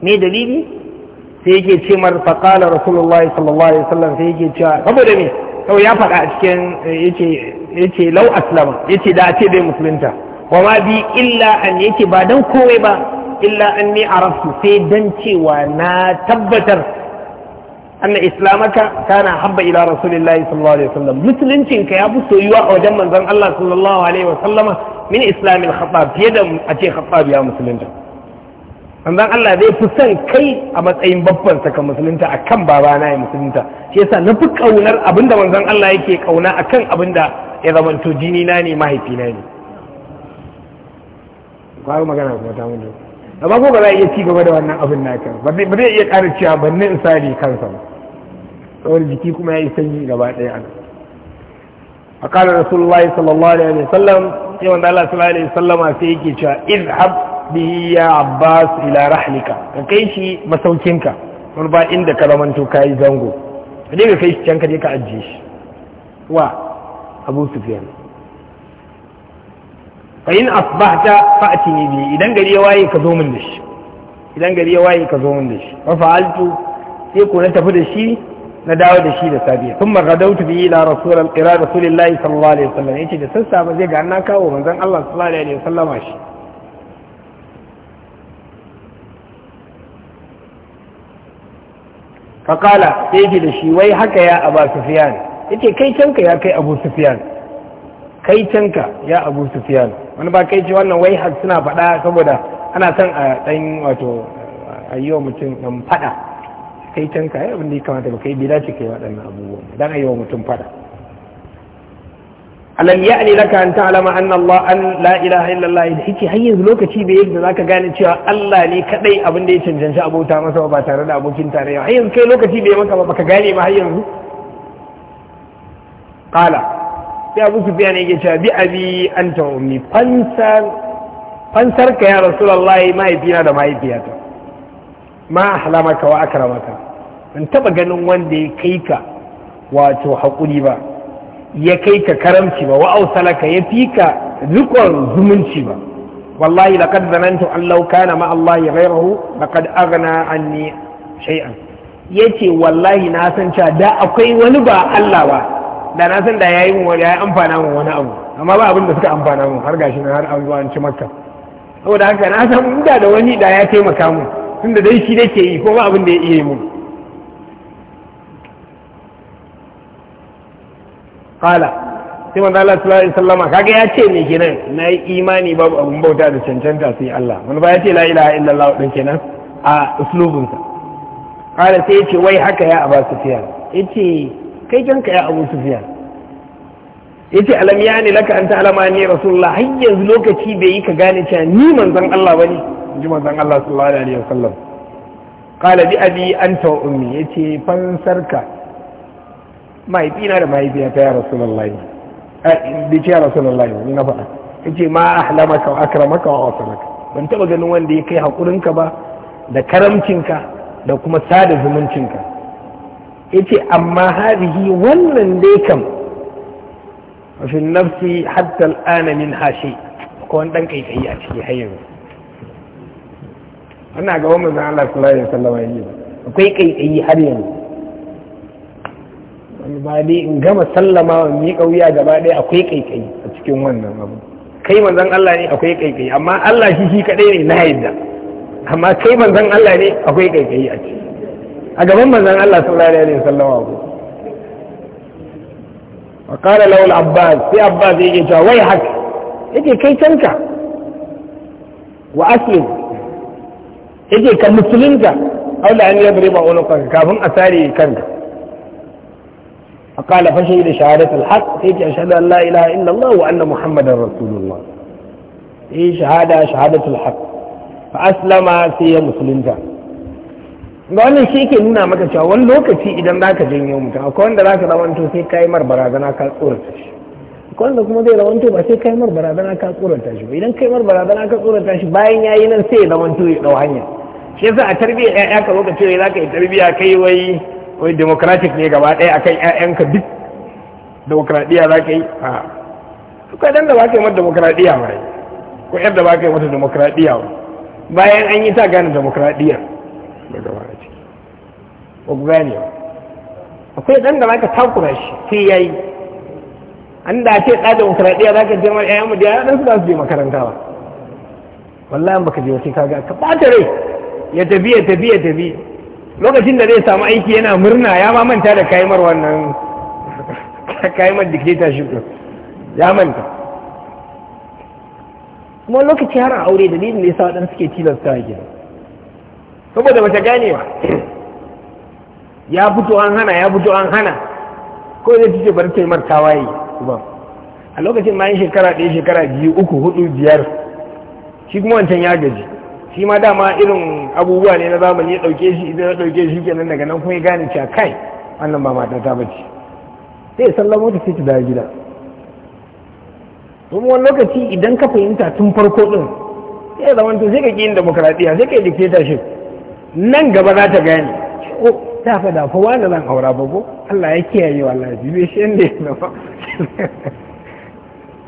me dalili sai yake ce mar faqala rasulullahi sallallahu alaihi wasallam sai yake cewa saboda me kawai ya faɗa a cikin yace yace law aslama yace da ce bai musulunta wa ma bi illa an yake ba dan kowai ba illa anni arafu sai dan cewa na tabbatar anna islamaka kana habba ila rasulillahi sallallahu alaihi ka ya fi soyuwa a wajen manzon Allah sallallahu alaihi wasallama min islamil khatab fiye da a ce khatab ya musulunta manzon Allah zai fi son kai a matsayin babban saka musulunta kan babana ya musulunta shi yasa na fi kaunar abinda manzon Allah yake kauna akan abinda ya zamanto jini na ne mahaifina ne ba magana kuma ta mutu. amma ko ba za a iya ci gaba da wannan abin naka ba zai iya ƙara cewa ban ni in sari kansa ba saboda jiki kuma ya yi sanyi gaba ɗaya a a kala rasulullahi sallallahu alaihi wa sallam sai wanda Allah sallallahu alaihi wa sallama sai yake cewa izhab bihi ya abbas ila rahlika ka kai shi masaukinka wani ba inda ka zamanto ka yi zango ka je ka kai shi can ka je ka ajiye shi wa abu sufyan fa in asbahta fa'tini bi idan gari ya waye ka zo min da shi idan gari ya waye ka zo min da shi fa fa'altu sai ko na tafi da shi na dawo da shi da safiya sun magadautu bi ila rasulun ila rasulillahi sallallahu alaihi wasallam yace da sassafe zai ga na kawo manzon Allah sallallahu alaihi wasallama shi faƙala ya yake da shi wai haka ya abu sufiyan yace kai canka ya kai abu sufiyan kai canka ya abu sufiyan wani ba kai ce wannan wai har suna faɗa saboda ana son a ɗan wato a yi wa mutum ɗan faɗa kai can ka yi abin da ya kamata ba kai bi dace kai waɗannan abubuwan dan yi wa mutum fada alam ya'ni laka an ta'lama anna Allah an la ilaha illa Allah da yake har yanzu lokaci bai yadda zaka gane cewa Allah ne kadai abin da ya cancanci abota masa ba tare da abokin tarayya har yanzu kai lokaci bai maka ba baka gane ba har yanzu qala sai Abu ne yake cewa bi abi anta ummi fansar fansar ka ya Rasulullahi mahaifina da mahaifiyata ma ahlamaka wa akramaka ban taba ganin wanda ya kai ka wato haƙuri ba ya kai ka karamci ba wa ausalaka ya fi ka rikon zumunci ba wallahi laqad zanantu an law kana ma Allah ghayruhu laqad aghna anni shay'an yace wallahi na san cewa da akwai wani ba Allah ba da na san da yayi mu amfana mu wani abu amma ba abin da suka amfana mu har gashi na har an zuwa an ci makka saboda haka na san da da wani da ya taimaka mu tunda dai shi nake yi kuma abin da ya iya yi mun kala sai manzo Allah sallallahu alaihi wasallama kaga ya ce me kenan na yi imani babu abun bauta da cancanta sai Allah wani ba ya ce la ilaha illallah din kenan a sa, kala sai ya ce wai haka ya abasu fiya yace kai kanka ya Abu fiya. yace alam yani laka an ta'lama ni rasulullah har yanzu lokaci bai yi ka gane cewa ni manzon Allah bane ji manzon Allah sallallahu alaihi wasallam qala bi abi anta wa ummi yace fansarka mahaifina da mahaifiyata ya rasulullahi da eh, ce ya rasulullahi ni na faɗa ya ce ma ahlamaka wa akramaka wa wasalaka ban taba ganin wanda ya kai haƙurinka ba da karamcinka da kuma sada zumuncinka ya ce amma hadihi wannan dai kam al'ana min hashi ko wani dan كون دنك يتهي أشكي حيو أنا أقول من الله صلى الله عليه وسلم akwai ƙaiƙayi har yanzu wani ba dai in gama sallama wa miƙa wuya gaba ɗaya akwai ƙaiƙayi a cikin wannan abu kai manzon Allah ne akwai ƙaiƙayi amma Allah shi shi kadai ne na yadda amma kai manzon Allah ne akwai ƙaiƙayi a ciki a gaban manzon Allah sallallahu alaihi wasallam وقال له العباس في عباس يجي جا ويحك يجي كي تنكع وأسلم يجي كمسلمك أولى أن يضرب عنقك كافم أثاري كنك فقال فشهد شهادة الحق يجي أشهد أن لا إله إلا الله وأن محمدا رسول الله هي شهادة شهادة الحق فأسلم سي مسلمك ga wannan shi ke nuna maka cewa wani lokaci idan za ka janyo mutum akwai wanda za ka zamanto sai ka yi mar barazana ka tsorata shi akwai wanda kuma zai zamanto ba sai ka yi mar barazana ka tsorata shi ba idan ka yi mar barazana ka tsorata shi bayan ya yi nan sai ya zamanto ya ɗau hanya shi yasa a tarbiyyar ƴaƴa ka lokaci wai za ka yi tarbiyya kai wai wai democratic ne gaba ɗaya akan ƴaƴanka duk demokradiyya za ka yi a suka dan da ba ka yi mata demokradiyya ba ko yadda ba ka yi mata demokradiyya bayan an yi ta gane demokradiyya da zama a ciki ba akwai ɗan da zaka takura shi sai yayi an da ce tsada za ka je mai yayan mu da yaran su za su je makaranta ba wallahi baka je sai kaga ka ɓata rai ya tafi ya tafi ya tafi lokacin da zai samu aiki yana murna ya ma manta da kaimar wannan kaimar shi din ya manta kuma lokaci har a aure dalilin da sa waɗansu suke tilasta a gida saboda bata gane ba ya fito an hana ya fito an hana ko zai cike bari ta yi martawa yi a lokacin ma yin shekara ɗaya shekara biyu uku hudu biyar shi kuma wancan ya gaji shi ma dama irin abubuwa ne na zamani ya ɗauke shi idan ya ɗauke shi kenan daga nan kuma ya gane cewa kai wannan ba mata ta bace sai sallama sallamo ta sai ta dawo gida domin wani lokaci idan ka fahimta tun farko din sai ya to sai ka ƙi yin demokaradiyya sai ka yi dictatorship nan gaba za ta gane ko ta fada fa wani zan aura ba ko Allah ya kiyaye wallahi bai shi inda ya nufa.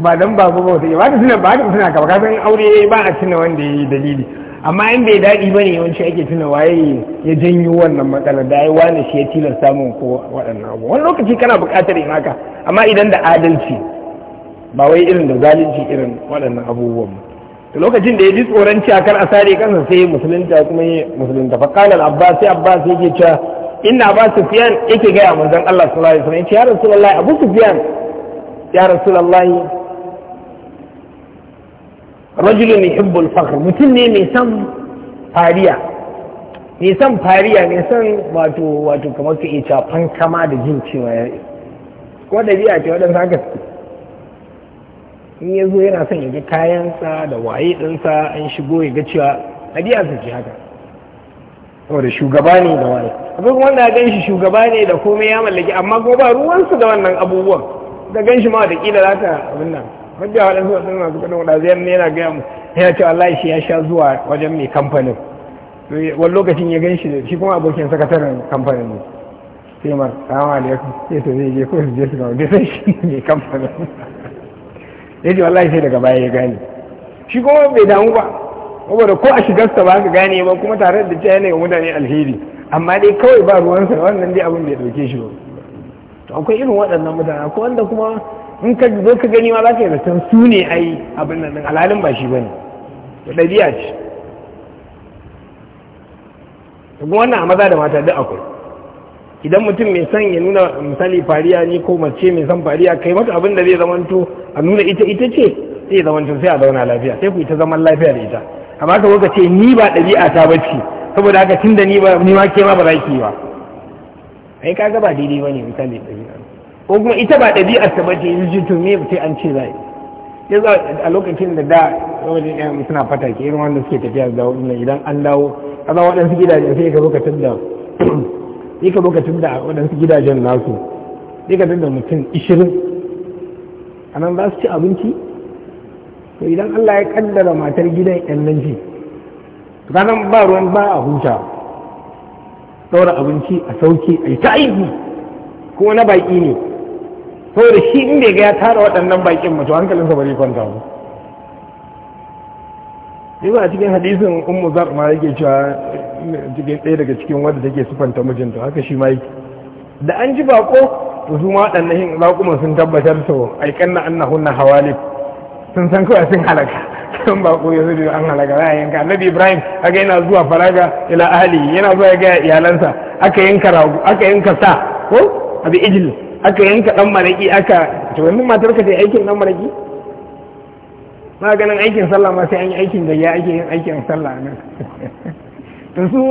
ba dan ba ba wata ba suna ba ta suna gaba kafin aure ba a tuna wanda ya yi dalili amma in bai daɗi ba ne yawanci ake tuna waye ya janyo wannan matsalar da ya wani shi ya tilasta samun ko waɗannan abu wani lokaci kana buƙatar yin haka amma idan da adalci ba wai irin da zalunci irin waɗannan abubuwan ba lokacin da ya ji tsoron cakar a sare kansa sai musulunta kuma yi musulunta fa kana al-abbas sai abbas yake cewa inna abbas sufyan yake ga ya manzon Allah sallallahu alaihi wasallam ya rasulullahi abu sufyan ya rasulullahi rajulun yuhibbul fakhr mutum ne mai san fariya mai san fariya mai san wato wato kamar ka iya cewa fankama da jin cewa ya ko biya ce waɗanda haka suke in ya zo yana son ya ga kayansa da waye ɗinsa an shigo ya ga cewa ɗabi'a su ce haka saboda shugaba ne da wani abin kuma wanda gan ganshi shugaba ne da komai ya mallaki amma kuma ba ruwansu da wannan abubuwan da ganshi ma da kila za ta abin nan hujja waɗansu wasu masu kudin wadaziyar ne yana gaya mu yana ce Allah shi ya sha zuwa wajen mai kamfanin wani lokacin ya ganshi shi shi kuma abokin sakataren kamfanin ne sai mar salamu alaikum sai to zai je ko su je su ga wanda sai shi mai kamfanin ya ce wallahi sai daga baya ya gane shi kuma bai damu ba saboda ko a shigarsa ba ka gane ba kuma tare da cewa yanayin mutane alheri amma dai kawai ba ruwansa wannan dai abin da ya dauke shi to akwai irin waɗannan mutane ko wanda kuma in ka zo ka gani ma za ka yi zaton su ne yi abin nan alhalin ba shi ba ne da ɗabi'a ce kuma wannan a maza da mata duk akwai idan mutum mai son ya nuna misali fariya ne ko mace mai son fariya kai mata abin da zai zamanto a nuna ita ita ce sai zamancin sai a zauna lafiya sai ku ita zaman lafiya da ita amma ka ka ce ni ba ɗabi'a ta bacci saboda haka tun da ni ba ma ke ma ba za ki ba ai kaga ba daidai ba ne misali ɗabi'a ko kuma ita ba ɗabi'a ta bacci yanzu to me sai an ce za yanzu a lokacin da da wajen ɗaya suna fata ke irin wanda suke tafiya da wannan idan an dawo kaza waɗansu gidajen sai ka zo ka sai ka zo tun da waɗansu gidajen nasu sai ka da mutum ishirin a nan za su ci abinci to idan Allah ya kaddara matar gidan yan nan ji ranar ba ruwan ba a huta ɗaura abinci a sauki a yi ta aiki kuma na baƙi ne saboda shi in bai ga ya tara waɗannan bakin to hankalinsa sa bari kwanta mu sai a cikin hadisin ummu zar ma yake cewa cikin ɗaya daga cikin wadda take sufanta mijinta haka shi ma yake da an ji bako to su ma waɗannan raƙuman sun tabbatar to aikan na annahu na hawalif sun san kawai sun halaka sun ba ko yanzu da an halaka za a yanka annabi ibrahim aka yana zuwa faraga ila ahli yana zuwa ga iyalansa aka yanka rago aka yanka sa ko abi ijil aka yanka dan maraki aka to wannan matar ka ce aikin dan maraki na ganin aikin sallah ma sai an yi aikin da ya ake yin aikin sallah nan to su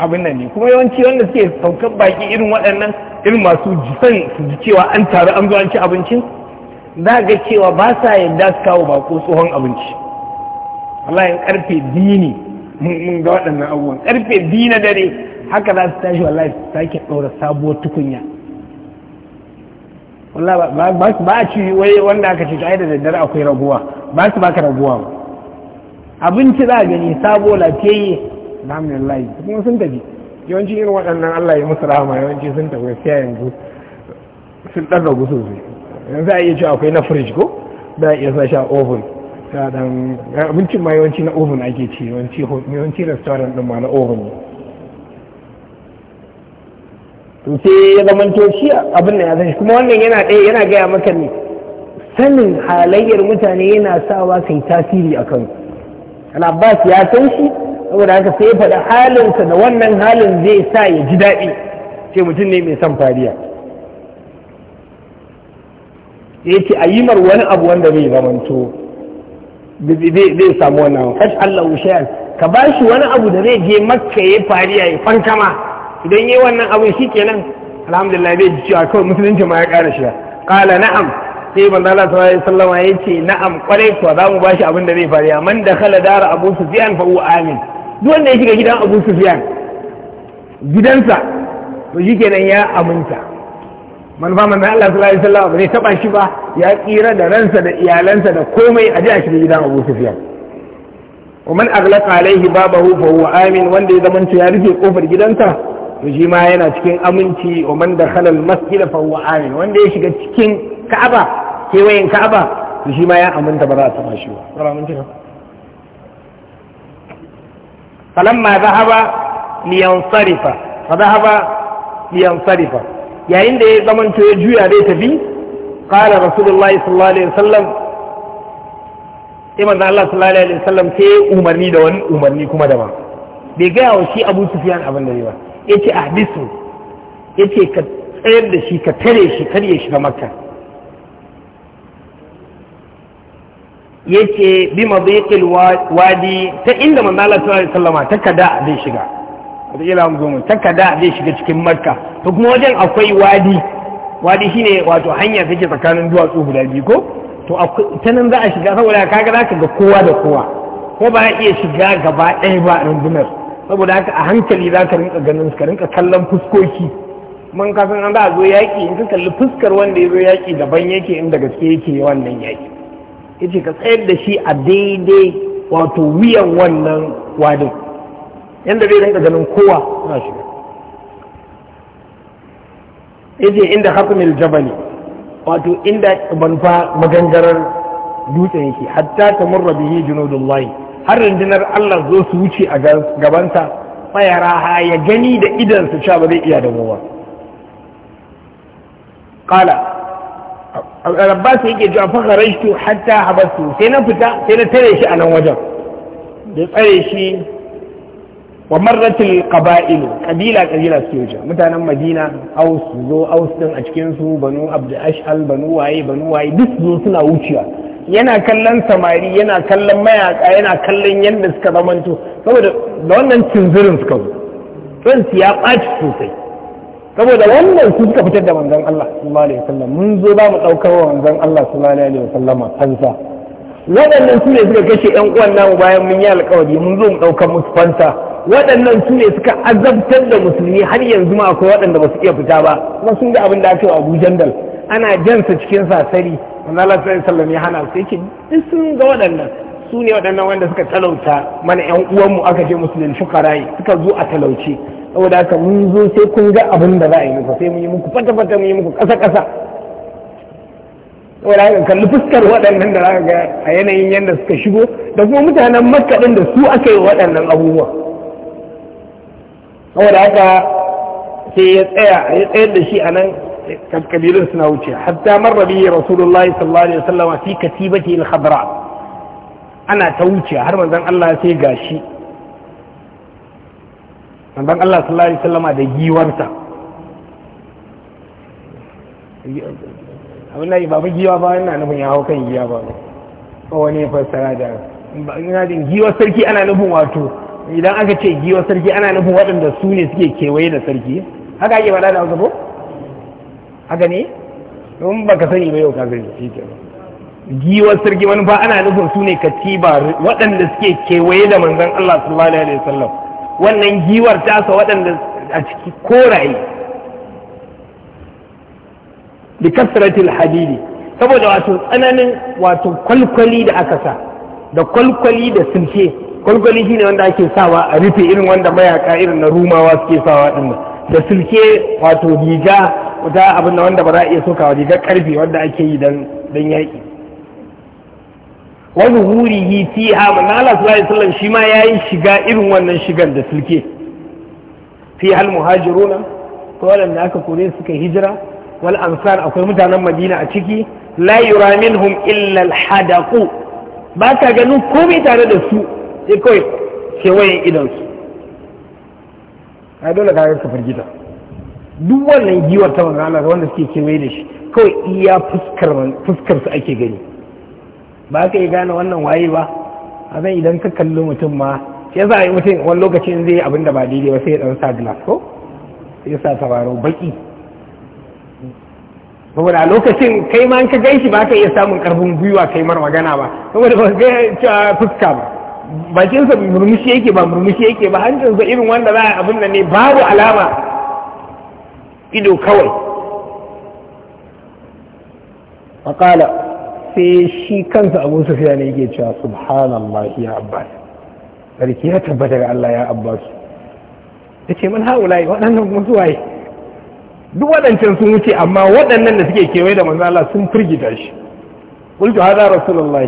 abin nan ne kuma yawanci wanda suke saukar baki irin waɗannan irin masu jisan su ji cewa an taru an zo an ci abincin za ga cewa ba sa yadda su kawo bako tsohon abinci wallahi karfe dini mun ga waɗannan abubuwan karfe dina dare haka za su tashi wallahi su sake ɗaura sabuwar tukunya wallahi ba a ci wai wanda aka ce ai da daddare akwai raguwa ba su baka raguwa ba abinci za a gani sabo lafiyayye layi kuma sun tafi yawanci irin waɗannan Allah ya musu rahama yawanci sun tafi sai yanzu sun ɗan ragu sosai yanzu a iya cewa akwai na fridge ko za a iya sa shi a oven ta dan abincin ma yawanci na oven ake ci yawanci yawanci restaurant ɗin ma na oven ne to sai ya to shi abin da ya zai kuma wannan yana ɗaya yana gaya maka ne sanin halayyar mutane yana sawa kai tasiri a kan al-abbas ya san shi saboda haka sai ya faɗi halinsa da wannan halin zai sa ya ji daɗi ce mutum ne mai son fariya ya ce a yi mar wani abu wanda bai zamanto zai samu wannan fash Allah shayan ka ba shi wani abu da zai je makka ya fariya ya fankama idan yi wannan abu shi kenan alhamdulillah zai ji cewa kawai musulunci ma ya ƙara shiga ƙala na'am sai ban Allah sallallahu alaihi sallama ya ce na'am kwarai kuwa za mu bashi abin da zai fariya. man da kala dara Abu su ziyan fa'u amin duk wanda ya shiga gidan abu sufiyan gidansa to shi kenan ya aminta manufa manzan Allah sallallahu alaihi wasallam bai taba shi ba ya tsira da ransa da iyalansa da komai a ji a shiga gidan abu sufiyan ومن أغلق عليه بابه فهو amin wanda ya zamanta ya rufe kofar gidansa to shi ma yana cikin aminci wa man dakhala al-masjid fa huwa amin wanda ya shiga cikin Ka'aba kewayen Ka'aba to shi ma ya aminta ba za a taba shi ba falamma zahaba liyansarifa fa zahaba liyansarifa yayin da ya zamanto ya juya dai tafi qala rasulullahi sallallahu alaihi wasallam sai Allah sallallahu alaihi wasallam ke umarni da wani umarni kuma da ba bai gaya wa shi Abu Sufyan abin da ba yace ahbisu yace ka tsayar da shi ka tare shi kar shi ga Makka Yake bi mabiqil wadi ta inda manzo Allah sallallahu alaihi ta kada zai shiga wataƙila mu zo mu ta kada zai shiga cikin makka to kuma wajen akwai wadi wadi shine wato hanya take tsakanin duwatsu guda biyu ko to ta nan za a shiga saboda kaga za ka ga kowa da kowa ko ba iya shiga gaba ɗaya ba rundunar saboda haka a hankali za ka rinka ganin ka rinka kallon fuskoki man kasan an za a zo yaƙi in ka kalli fuskar wanda ya zo yaƙi daban yake in da gaske yake wannan yaƙi yace ka tsayar da shi a daidai wato wuyan wannan wadin yadda zai rinka ganin kowa na shiga yace inda hatmil jabali wato inda manfa magangarar dutsen yake hatta tamurra bihi junudullahi har rundunar Allah zo su wuce a gabansa fayaraha ya gani da su cewa ba zai iya da ba Ƙala. al yake cewa fa kharajtu hatta haba sai na fita sai na tare shi a nan wajen da tsare shi wa marratil qaba'il kabila kabila mutanen madina aus zo aus din a cikin su banu abd ash'al banu waye banu waye duk zo suna wuciya yana kallon samari yana kallon mayaka yana kallon yadda suka zamanto saboda da wannan cinzirin suka zo Zan siya ɓaci sosai saboda wannan su suka fitar da manzon Allah sallallahu alaihi wasallam mun zo ba mu daukar wa manzon Allah sallallahu alaihi wasallama fansa waɗannan su ne suka kashe ƴan uwan namu bayan mun yi alƙawari mun zo mu daukar musu fansa waɗannan su ne suka azabtar da musulmi har yanzu ma akwai waɗanda ba su iya fita ba kuma sun ga abin da ake wa Abu Jandal ana jansa cikin sasari manzon Allah sallallahu alaihi wasallam ya hana su yake duk sun ga waɗannan su ne waɗannan wanda suka talauta mana 'yan uwanmu aka je musulun shukarai suka zo a talauce saboda haka mun zo sai kun ga abin da za a yi muku sai mun yi muku fata fata mun yi muku ƙasa-ƙasa. kasa saboda haka kalli fuskar waɗannan da za ga a yanayin yadda suka shigo da kuma mutanen makaɗin da su aka yi waɗannan abubuwa saboda haka sai ya tsaya a ya tsayar da shi a nan kabilun suna wuce hatta marrabi rasulullahi sallallahu alaihi wasallam fi katibati al-khadra ana ta wuce har manzon Allah sai gashi manzon Allah sallallahu alaihi wasallama da giwarsa abin da ba giwa ba yana nufin ya hau kan giya ba ba wani fassara da ina jin giwar sarki ana nufin wato idan aka ce giwar sarki ana nufin waɗanda su ne suke kewaye da sarki haka ake faɗa da wasu ko haka ne in ba ka sani ba yau ka sani shi ke giwar sarki wani ba ana nufin su ne katiba waɗanda suke kewaye da manzon Allah sallallahu alaihi wasallam wannan giwar tasa waɗanda a ciki koraye bi kasratil hadidi saboda wato tsananin wato kwalkwali da aka sa da kwalkwali da sulke kwalkwali shine wanda ake sawa a rufe irin wanda mayaka irin na rumawa suke sawa din da sulke wato riga wata abin da wanda ba za a iya sokawa rigar karfe wanda ake yi dan yaƙi Wani wa zuhurihi fiha na Allah sallallahu alaihi wasallam shi ma yayi shiga irin wannan shigan da sulke fi hal muhajiruna ko wanda aka kore suka hijira wal ansar akwai mutanen Madina a ciki la yura minhum illa al hadaqu ba ka ganin komai tare da su sai kawai kewayen idan su ai dole ka ka firgita duk wannan giwar ta manzo Allah wanda suke kewaye da shi kawai iya fuskar fuskar su ake gani ba ka iya gane wannan waye ba a zan idan ka kalli mutum ma ya za a yi mutum wani lokacin zai yi abin ba daidai ba sai ya dan sa glass ko sai ya sa tabarau baki saboda lokacin kai ma ka gaishi ba ka iya samun karfin gwiwa kai mar magana ba saboda ba ga cewa fuska ba bakinsa murmushi yake ba murmushi yake ba sa irin wanda za a abin da ne babu alama ido kawai sai shi kansa abu sufiya ne yake cewa subhanallah ya abbas sarki ya tabbata ga allah ya abbas ya ce man yi waɗannan kuma waye duk waɗancan sun wuce amma waɗannan da suke kewaye da manzan allah sun firgita shi kultu hada rasulullah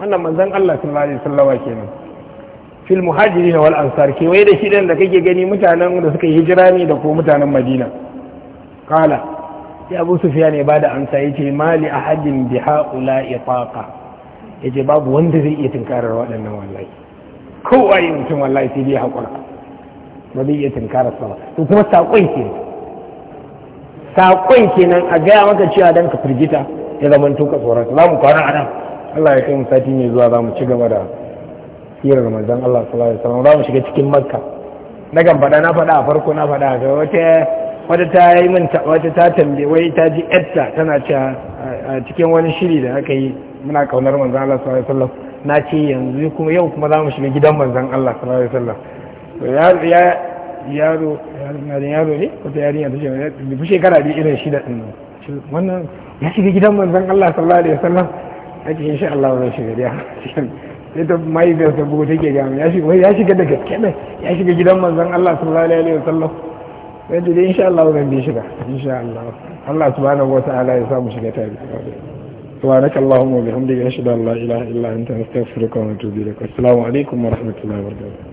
wannan manzan allah sun sun alaihi ke kenan fil muhajirin wal ansar kewaye da shi da kake gani mutanen da suka hijira ne da ko mutanen madina kala sai abu sufiya ne ba da amsa ya ce mali a hajjin bi haƙula ifaƙa ya ce babu wanda zai iya tunkarar waɗannan wallahi kowa yi mutum wallahi sai dai haƙura ba zai iya tunkarar sa ba to kuma saƙon kenan saƙon kenan a gaya maka cewa dan ka firgita ya zama tuka tsoron za mu kwana a nan Allah ya kai mu sati mai zuwa za mu ci gaba da sirar manzon Allah sallallahu alaihi wasallam za mu shiga cikin makka na gambaɗa na faɗa a farko na faɗa ga wata wata ta yi min wata ta tambaye wai ta ji etta tana cewa a cikin wani shiri da aka yi muna kaunar manzan Allah sallallahu alaihi wasallam na ce yanzu kuma yau kuma za mu shiga gidan manzan Allah sallallahu alaihi wasallam ya yaro yaro ne ta yarinya ta ce bi shekara bi irin shida din wannan ya shiga gidan manzan Allah sallallahu alaihi wasallam a insha Allah zai shiga da sai ta mahaifiyarsa bugu take ga ya shiga da gaske ne ya shiga gidan manzan Allah sallallahu alaihi wasallam yadda dai insha Allah wannan bai shiga insha Allah Allah subhanahu wata'ala ya samu shiga tare سبحانك اللهم وبحمدك أشهد أن لا إله إلا أنت أستغفرك وأتوب إليك والسلام عليكم ورحمة الله وبركاته